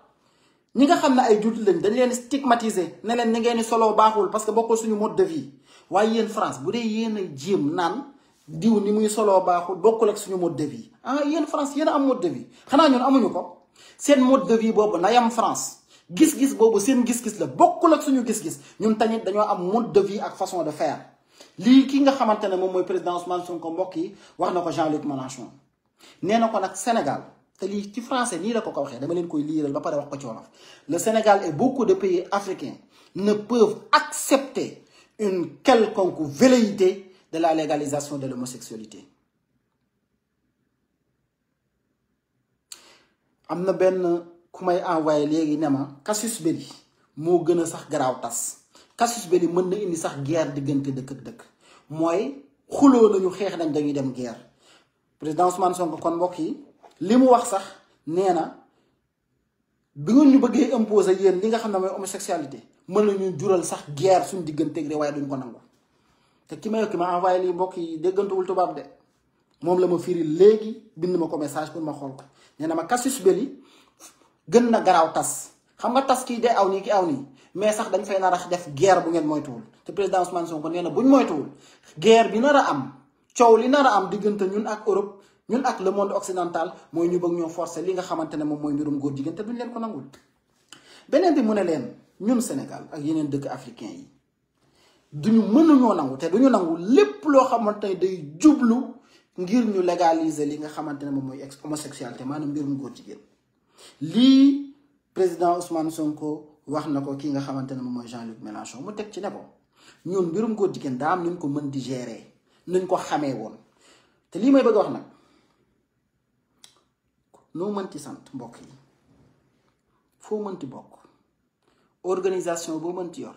ñi nga xamna ay jullit lañ dañ leen stigmatiser ne leen ni ngeen di solo baaxul parce que bokkul suñu mode de vie way yeen France bu dé yeen a jéem naan diw ni muy solo baaxul bokkul ak suñu mode de vie ah yéen France yéen am mode de vie xana ñun amuñu ko sen mode de vie bobu na yam France gis-gis bobu sen gis-gis la bokkul ak suñu gis-gis ñun tamit dañoo am mode de vie ak façon de faire li ki nga xamantene mom moy président Ousmane Sonko mbokk yi wax na Jean-Luc Mélenchon nee ko nak Sénégal te li ci français ni la ko ko waxee dama leen koy liiral ba pare wax ko ci wolof le Sénégal et beaucoup de pays africains ne peuvent accepter une quelconque velléité de la légalisation de l'homosexualité amna ben benn ku may envoyé léegi ne ma casus belli moo gën sax graw tass casus belli meun na indi sax guerre diggante deuk deuk moy mooy xuloo nañu xeex nañ dañuy dem guerre président Ousmane Sonko kon mbok yi limu wax sax nee na bi ngeen ñu bëggee imposer yeen li nga xam ne mooy homosexualité mën nañu jural sax guerre suñu diggante ak waaye duñ ko nangu. te ki ma yokk ma envoyé lii mbokk yi déggantuwul tubaab de moom la ma firi léegi bind ma ko message pour ma xool ko nee na ma Cassius Belli gën na garaaw tas xam nga tas kii day aw nii ki aw nii mais sax dañ fay nar a def guerre bu ngeen moytuwul te président Ousmane Sonko nee na buñ moytuwul guerre bi nar a am coow li nar a am diggante ñun ak Europe ñun ak le monde occidental mooy ñu bëgg ñoo forcer li nga xamante ne moom mooy mbirum góor jigéen te duñ leen ko nangul beneen bi mu ne leen ñun Sénégal ak yeneen dëkk africain yi duñu mënuñoo nangu te duñu nangu lépp loo xamante tey day jublu ngir ñu légaliser li nga xamante ne moom mooy homosexualité maanaam mbirum góor jigéen lii président Ousmane Sonko wax na ko kii nga xamante ne moom mooy Jean-Luc Mélenchon mu teg ci ne ko ñun mbirum góor jigéen daa am nuñ ko mën di gérer nuñ ko xamee woon te lii may bëgg wax nag noo mënti sant mbokk yi foo mënti bokk organisation boo mënti yor.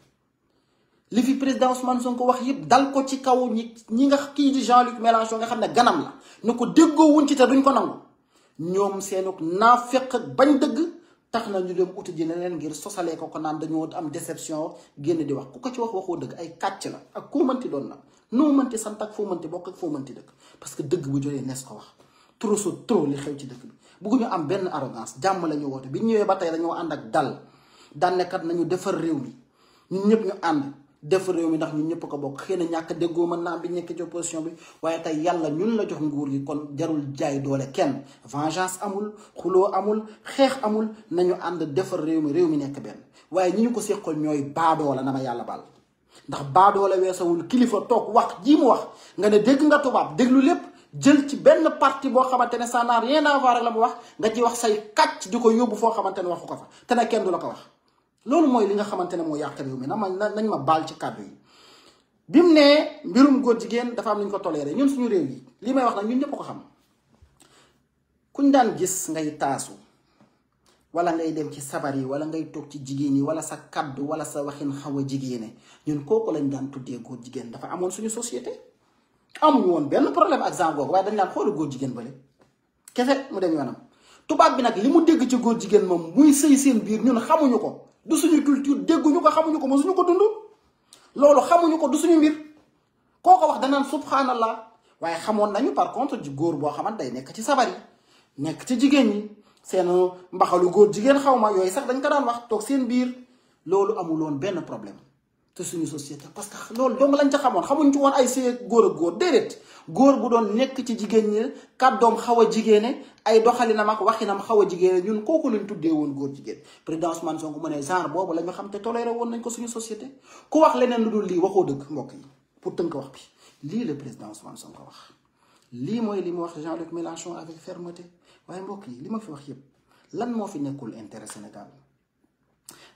li fi président Ousmane ko wax yëpp dal ko ci kaw ñi ñi nga kii di Jean-Luc Mélenchon nga xam ne ganam la nu ko déggoo wuñ ci te duñ ko nangu ñoom seenuk naa ak bañ dëgg tax na ñu dem uti ji ne leen ngir sosalee ko ko naan dañoo am déception génn di wax ku ko ci waxoo dëgg ay kàcc ak koo mënti doon na noo mënti sant ak foo mënti bokk ak foo mënti dëkk parce que dëgg bu jotee nees ko wax trop so trop li bëgguñu am benn arrogance jàmm la ñu woote bi ñëwee ba tey dañoo ànd ak dal daan ne kat defar réew mi ñun ñëpp ñu ànd def réew mi ndax ñun ñëpp ko bokk xëy na ñàkk déggoo mën naa bi nekk ci opposition bi waaye te yàlla ñun la jox nguur yi kon jarul jaay doole kenn vengeance amul xuloo amul xeex amul nañu ànd defar réew mi réew mi nekk benn waaye ñi ñu ko séqal ñooy baadoola na ma yàlla baal ndax baadoola weesawul kilifa toog wax jii mu wax nga ne dégg nga tubaab déglu lépp jël ci benn parti boo xamante ne ça n'a rien à voir la mu wax nga ci wax say kàcc di ko yóbbu foo xamante ne waxu ko fa kenn du la ko wax loolu mooy li nga xamante ne moo yàq réew mi na ma nañ ma baal ci kàddu yi bi mu nee mbirum góor jigéen dafa am lu ñu ko toléré ñun suñu réew yi may wax nag ñun ñëpp ko xam kuñ daan gis ngay taasu wala ngay dem ci sabar yi wala ngay toog ci jigéen yi wala sa kàddu wala sa waxin xaw a jigéene ñun kooku lañ daan tuddee góor jigéen dafa amoon suñu société amuñu woon benn problème ak genre waaye dañ daan xoolu góor jigéen ba bële kese mu dem yoonam tubaab bi nag li mu dégg ci góor jigéen moom muy sëy seen biir ñun xamuñu ko du suñu culture dégguñu ko xamuñu ko ma suñu ko dund loolu xamuñu ko du suñu mbir koo ko wax danaan subhanallah waaye xamoon nañu par contre ji góor boo xamante day nekk ci sabar yi nekk ci jigéen ñi seen mbaxalu góor jigéen xawma yooyu sax dañ ko daan wax toog seen biir loolu amuloon benn problème te suñu société parce que loolu dong lañ ca xamoon xamuñ ci woon ay see góor ak góor déedéet góor bu doon nekk ci jigéen ñi kàddoom xaw a jigéene ay doxalinam ak waxinam xaw a jigéene ñun kooku lañ tuddee woon góor jigéen président Ousmane Sonko mu ne genre boobu la ñu xam te toléré woon nañ ko suñu société ku wax leneen lu dul lii waxoo dëgg mbokk yi pour tënk wax bi lii la président Ousmane Sonko wax lii mooy li mu wax Jean-Luc Mélenchon avec fermeté waaye mbokk yi li ma fi wax yépp lan moo fi nekkul intérêt Sénégal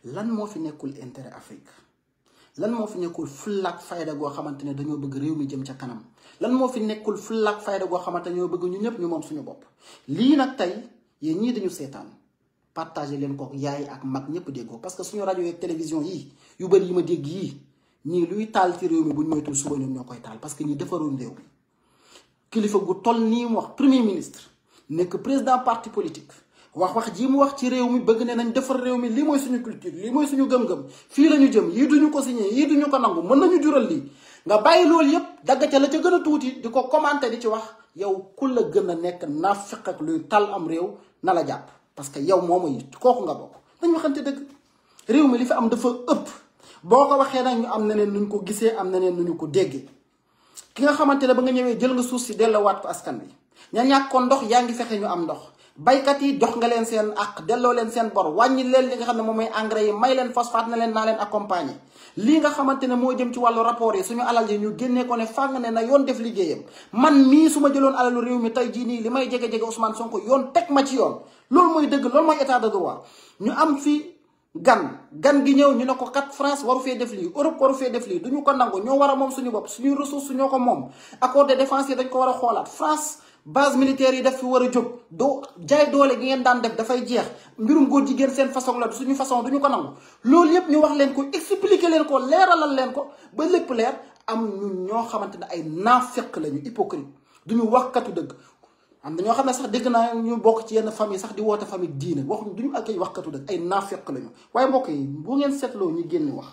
lan moo fi nekkul intérêt Afrique lan moo fi nekkul fullaak fayda goo xamante ne dañoo bëgg réew mi jëm ca kanam lan moo fi nekkul fullaak fayda goo xamante ni ñoo bëgg ñu ñëpp ñu moom suñu bopp lii nag tey yéen ñii dañu seetaan partagé leen ko yaay ak mag ñëpp déggoo parce que suñu rajo yeeg télévision yi yu bëri yi ma dégg yii ñii luy taal ci réew mi buñ moytul suba ñoom ñoo koy taal parce que ñi defaroon réew mi kilifa gu toll nii mu wax premier ministre nekk président parti politique wax wax ji mu wax ci rew mi bëgg ne nañ limo rew mi li moy suñu culture li moy suñu gëm-gëm fi lañu jëm yi duñu ko signé yi duñu ko nangu mën nañu jural li nga bayyi lool yépp dagg ca la ca gëna tuuti di commenter di ci wax yow ku la gëna nekk nafiq ak luy tal am rew na la japp parce que yow moomu yi koku nga bok dañ waxante deug rew mi li fi am dafa ëpp boko waxé nak ñu am neneen nuñ ko gisé am neneen nuñ ko déggé ki nga xamantene ba nga ñëwé jël nga suuf si ko askan bi ña ko ndox yaangi fexé ñu am ndox baykat yi dox nga len sen ak delo len sen bor wañi len li nga xamne ne engrais yi may len phosphate na len na len accompagner li nga xamantene mo jëm ci walu rapport yi suñu alal yi ñu genné ko ne fang ne na yon def liggéeyam man mi suma réew mi tay ji ni limay Ousmane Sonko yon tek ma ci yon lool moy dëgg lool moy état de droit ñu am fi gan gan gi ñew ñu ne kat France waru fe def li Europe waru fe def li duñu ko nangoo ño wara mom suñu bop suñu ressource ko accord de défense yi dañ ko wara xolaat France base militaire yi def fi war a jóg doo jaay doole gi ngeen daan def dafay jeex mbirum góor jigéen seen façon la suñu façon du ñu ko nangu loolu yëpp ñu wax leen ko expliquer leen ko leeralal leen ko ba lépp leer am ñun ñoo xamante ne ay naafeq lañu hypocrite duñu waxkatu dëgg am na ñoo xam ne sax dégg naa ñu bokk ci yenn famille sax di woote famille diine waxuñ duñu ak ay waxkatu dëgg ay naafeq lañu waaye mbokk yi bu ngeen seetloo ñu génn wax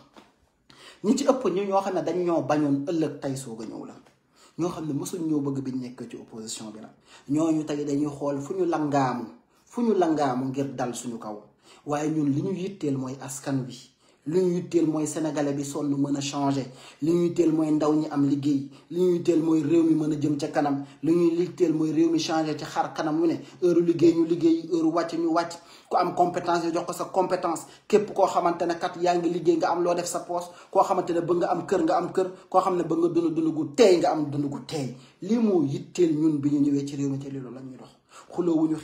ñi ci ëpp ñu ñoo xam ne dañ ñoo bañoon ëllëg tey soog a ñëw la ñoo xam ne mosuñ ñoo bëgg biñ nekk ci opposition bi nag ñooñu tey dañuy xool fu ñu langaamu fu ñu langaamu ngir dal suñu kaw waaye ñun li ñu yitteel mooy askan bi li ñu yitteel mooy sénégalais bi sonn mën a changé li ñu yitteel mooy ndaw ñi am liggéey li ñu yitteel mooy réew mi mën a jëm ca kanam li ñu yitteel mooy réew mi changer ci xar kanam wu ne heure liggéey ñu liggéey heure wàcc ñu wàcc ku am compétence jox ko sa compétence képp koo xamante ne kat yaa ngi liggéey nga am loo def sa poos koo xamante ne bëgg nga am kër nga am koo xam ne bëgg nga dund dund gu teey nga am dund gu teey lii moo yitteel ñun bi ñu ñëwee ci réew mi te loolu la ñuy dox xuloo wuñu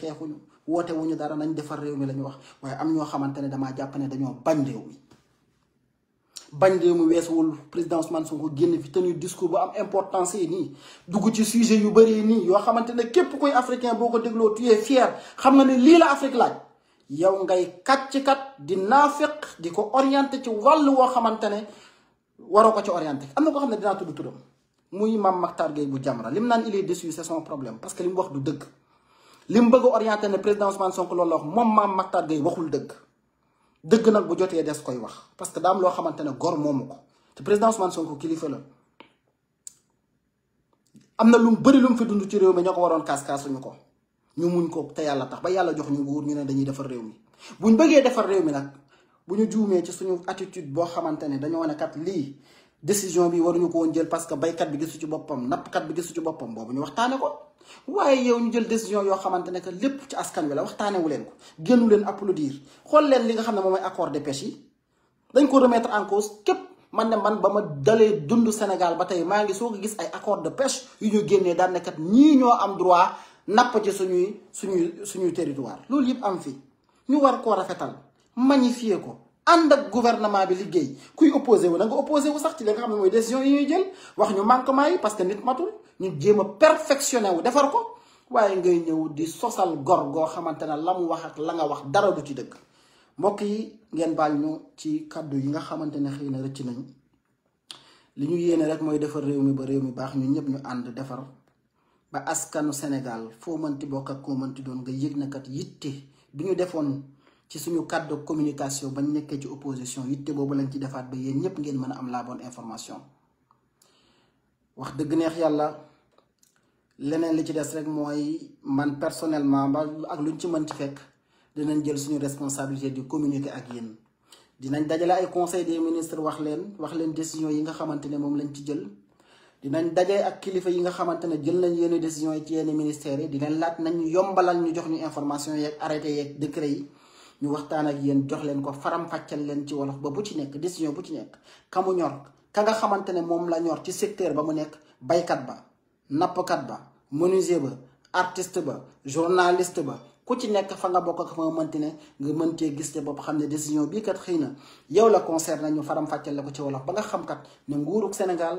woote wuñu dara nañ defar réew mi la ñu wax waaye am ñoo xamante ne damaa jàpp ne dañoo bañ réew mi bañ réew mu weesuwul président Ousmane Sonko génn fi tenu discours bu am importance yi dugg ci sujet yu bëree nii yoo xamante ne képp kuy africain boo ko dégloo tu es fier xam ne lii la Afrique laaj yow ngay kàcc kat di naafeq di ko orienté ci wàll woo xamante ne waroo ko ci orienté am na ko xam ne dinaa turam muy Mame Mactar Gueye bu Jamra lim naan il est déçu parce que li mu wax du dëgg li mu bëgg a orienté président Ousmane Sonko loolu la wax moom maam Mactar Gueye waxul dëgg dëgg nag bu jotee des koy wax parce que daam loo xamante ne gor moomu ko te président Ousmane Sonko ko la am na lu mu bëri lu mu fi dund ci réew mi ñoo ko waroon kaas-kaas suñu ko ñu muñ ko te yàlla tax ba yàlla jox ñu nguur ñu ne dañuy defar réew mi buñ bëggee defar réew mi nag bu ñu juumee ci suñu attitude boo xamante ne dañoo ne kat lii décision bi waruñu ko jël parce que baykat bi gisu ci boppam nappkat bi gisu ci boppam boobu ñu waxtaane ko waaye yow ñu jël décision yoo xamante ne que lépp ci askan wi la waxtaanewu leen ko génnu leen applaudir xool leen li nga xam ne moom mooy accord de pêche yi dañ ko remettre en cause képp man ne man ba ma dalee dund Sénégal ba tey maa ngi soo ko gis ay accord de pêche yu ñu génnee daan ne ñii ñoo am droit napp ci suñuy suñuy suñuy territoire loolu yëpp am fi ñu war koo rafetal magnifier ko Anda ak gouvernement bi liggey kuy opposé wu nga opposé wu sax ci li nga xam moy décision yi ñuy jël wax ñu manquement yi parce que nit matul ñu jema a perfectionné wu défar ko waye ngay ñëw di sosal gor go xamantena lamu wax ak la nga wax dara du ci dëgg mbokk yi ngeen bal ñu ci cadeau yi nga xamante xeyna rëcc nañ li ñu yéene rek moy défar réew mi ba réew mi baax ñu ñëpp ñu and défar ba askanu Sénégal mën ti bokk ak mën ti doon nga yegna kat yitte bi ñu ci suñu cadre de communication bañ nekkee ci opposition yitté bobu lañ ci defaat ba yeen ñëpp ngeen mëna am la bonne information wax deug neex yalla leneen li ci dess rek moy man personnellement ba ak luñ ci mën ci fekk dinañ jël suñu responsabilité di communiquer ak yeen dinañ dajale ay conseil des ministres wax leen wax leen décision yi nga xamantene mom lañ ci jël dinañ dajé ak kilifa yi nga xamantene jël nañ yenn décision yi ci yenn ministères yi dinañ laaj nañ yombalal ñu jox ñu information ak arrêté ak décret yi ñu waxtaan ak yéen jox leen ko faram-fàcceel leen ci wolof ba bu ci nekk décision bu ci nekk ka mu ñor ka nga xamante ne moom la ñor ci secteur ba mu nekk baykat ba nappkat ba menuisier ba artiste ba journaliste ba ku ci nekk fa nga bokk ak fa nga mënti ne nga mën cee gis te bopp xam ne décision bii kat xëy na yow la concerne ñu faram-fàcceel la ko ci wolof ba nga xamkat kat ne nguurug Sénégal.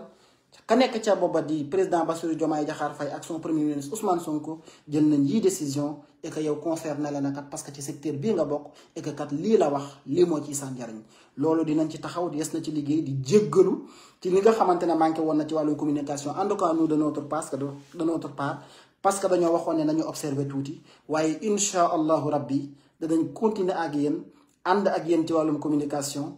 ka nekk ca booba di président Bassirou Diomaye Diakhar Faye ak son premier ministre Ousmane Sonko jël nañ yii décision et que yow concerné la parce que ci secteur bii nga bokk et kat lii la wax lii moo ciy saan njariñ loolu dinañ ci taxaw yes na ci liggéey di jéggalu ci li nga xamante ne manqué woon na ci wàllu communication en tout cas nous de notre part de notre part parce que dañoo waxoon ne nañu observé tuuti waaye incha allahu rabbi danañ continuer ak yéen ànd ak yéen ci wàllum communication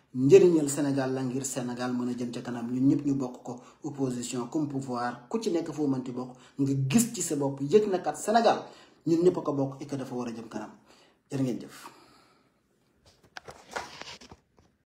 njëriñal Sénégal la ngir Sénégal mën a jëm ca kanam ñu ñëpp ñu bokk ko opposition comme pouvoir ku ci nekk foo mënti bokk nga gis ci sa bopp yëg na kat Sénégal ñun ñëpp a ko bokk et que dafa war a jëm kanam jërë ngeen jëf.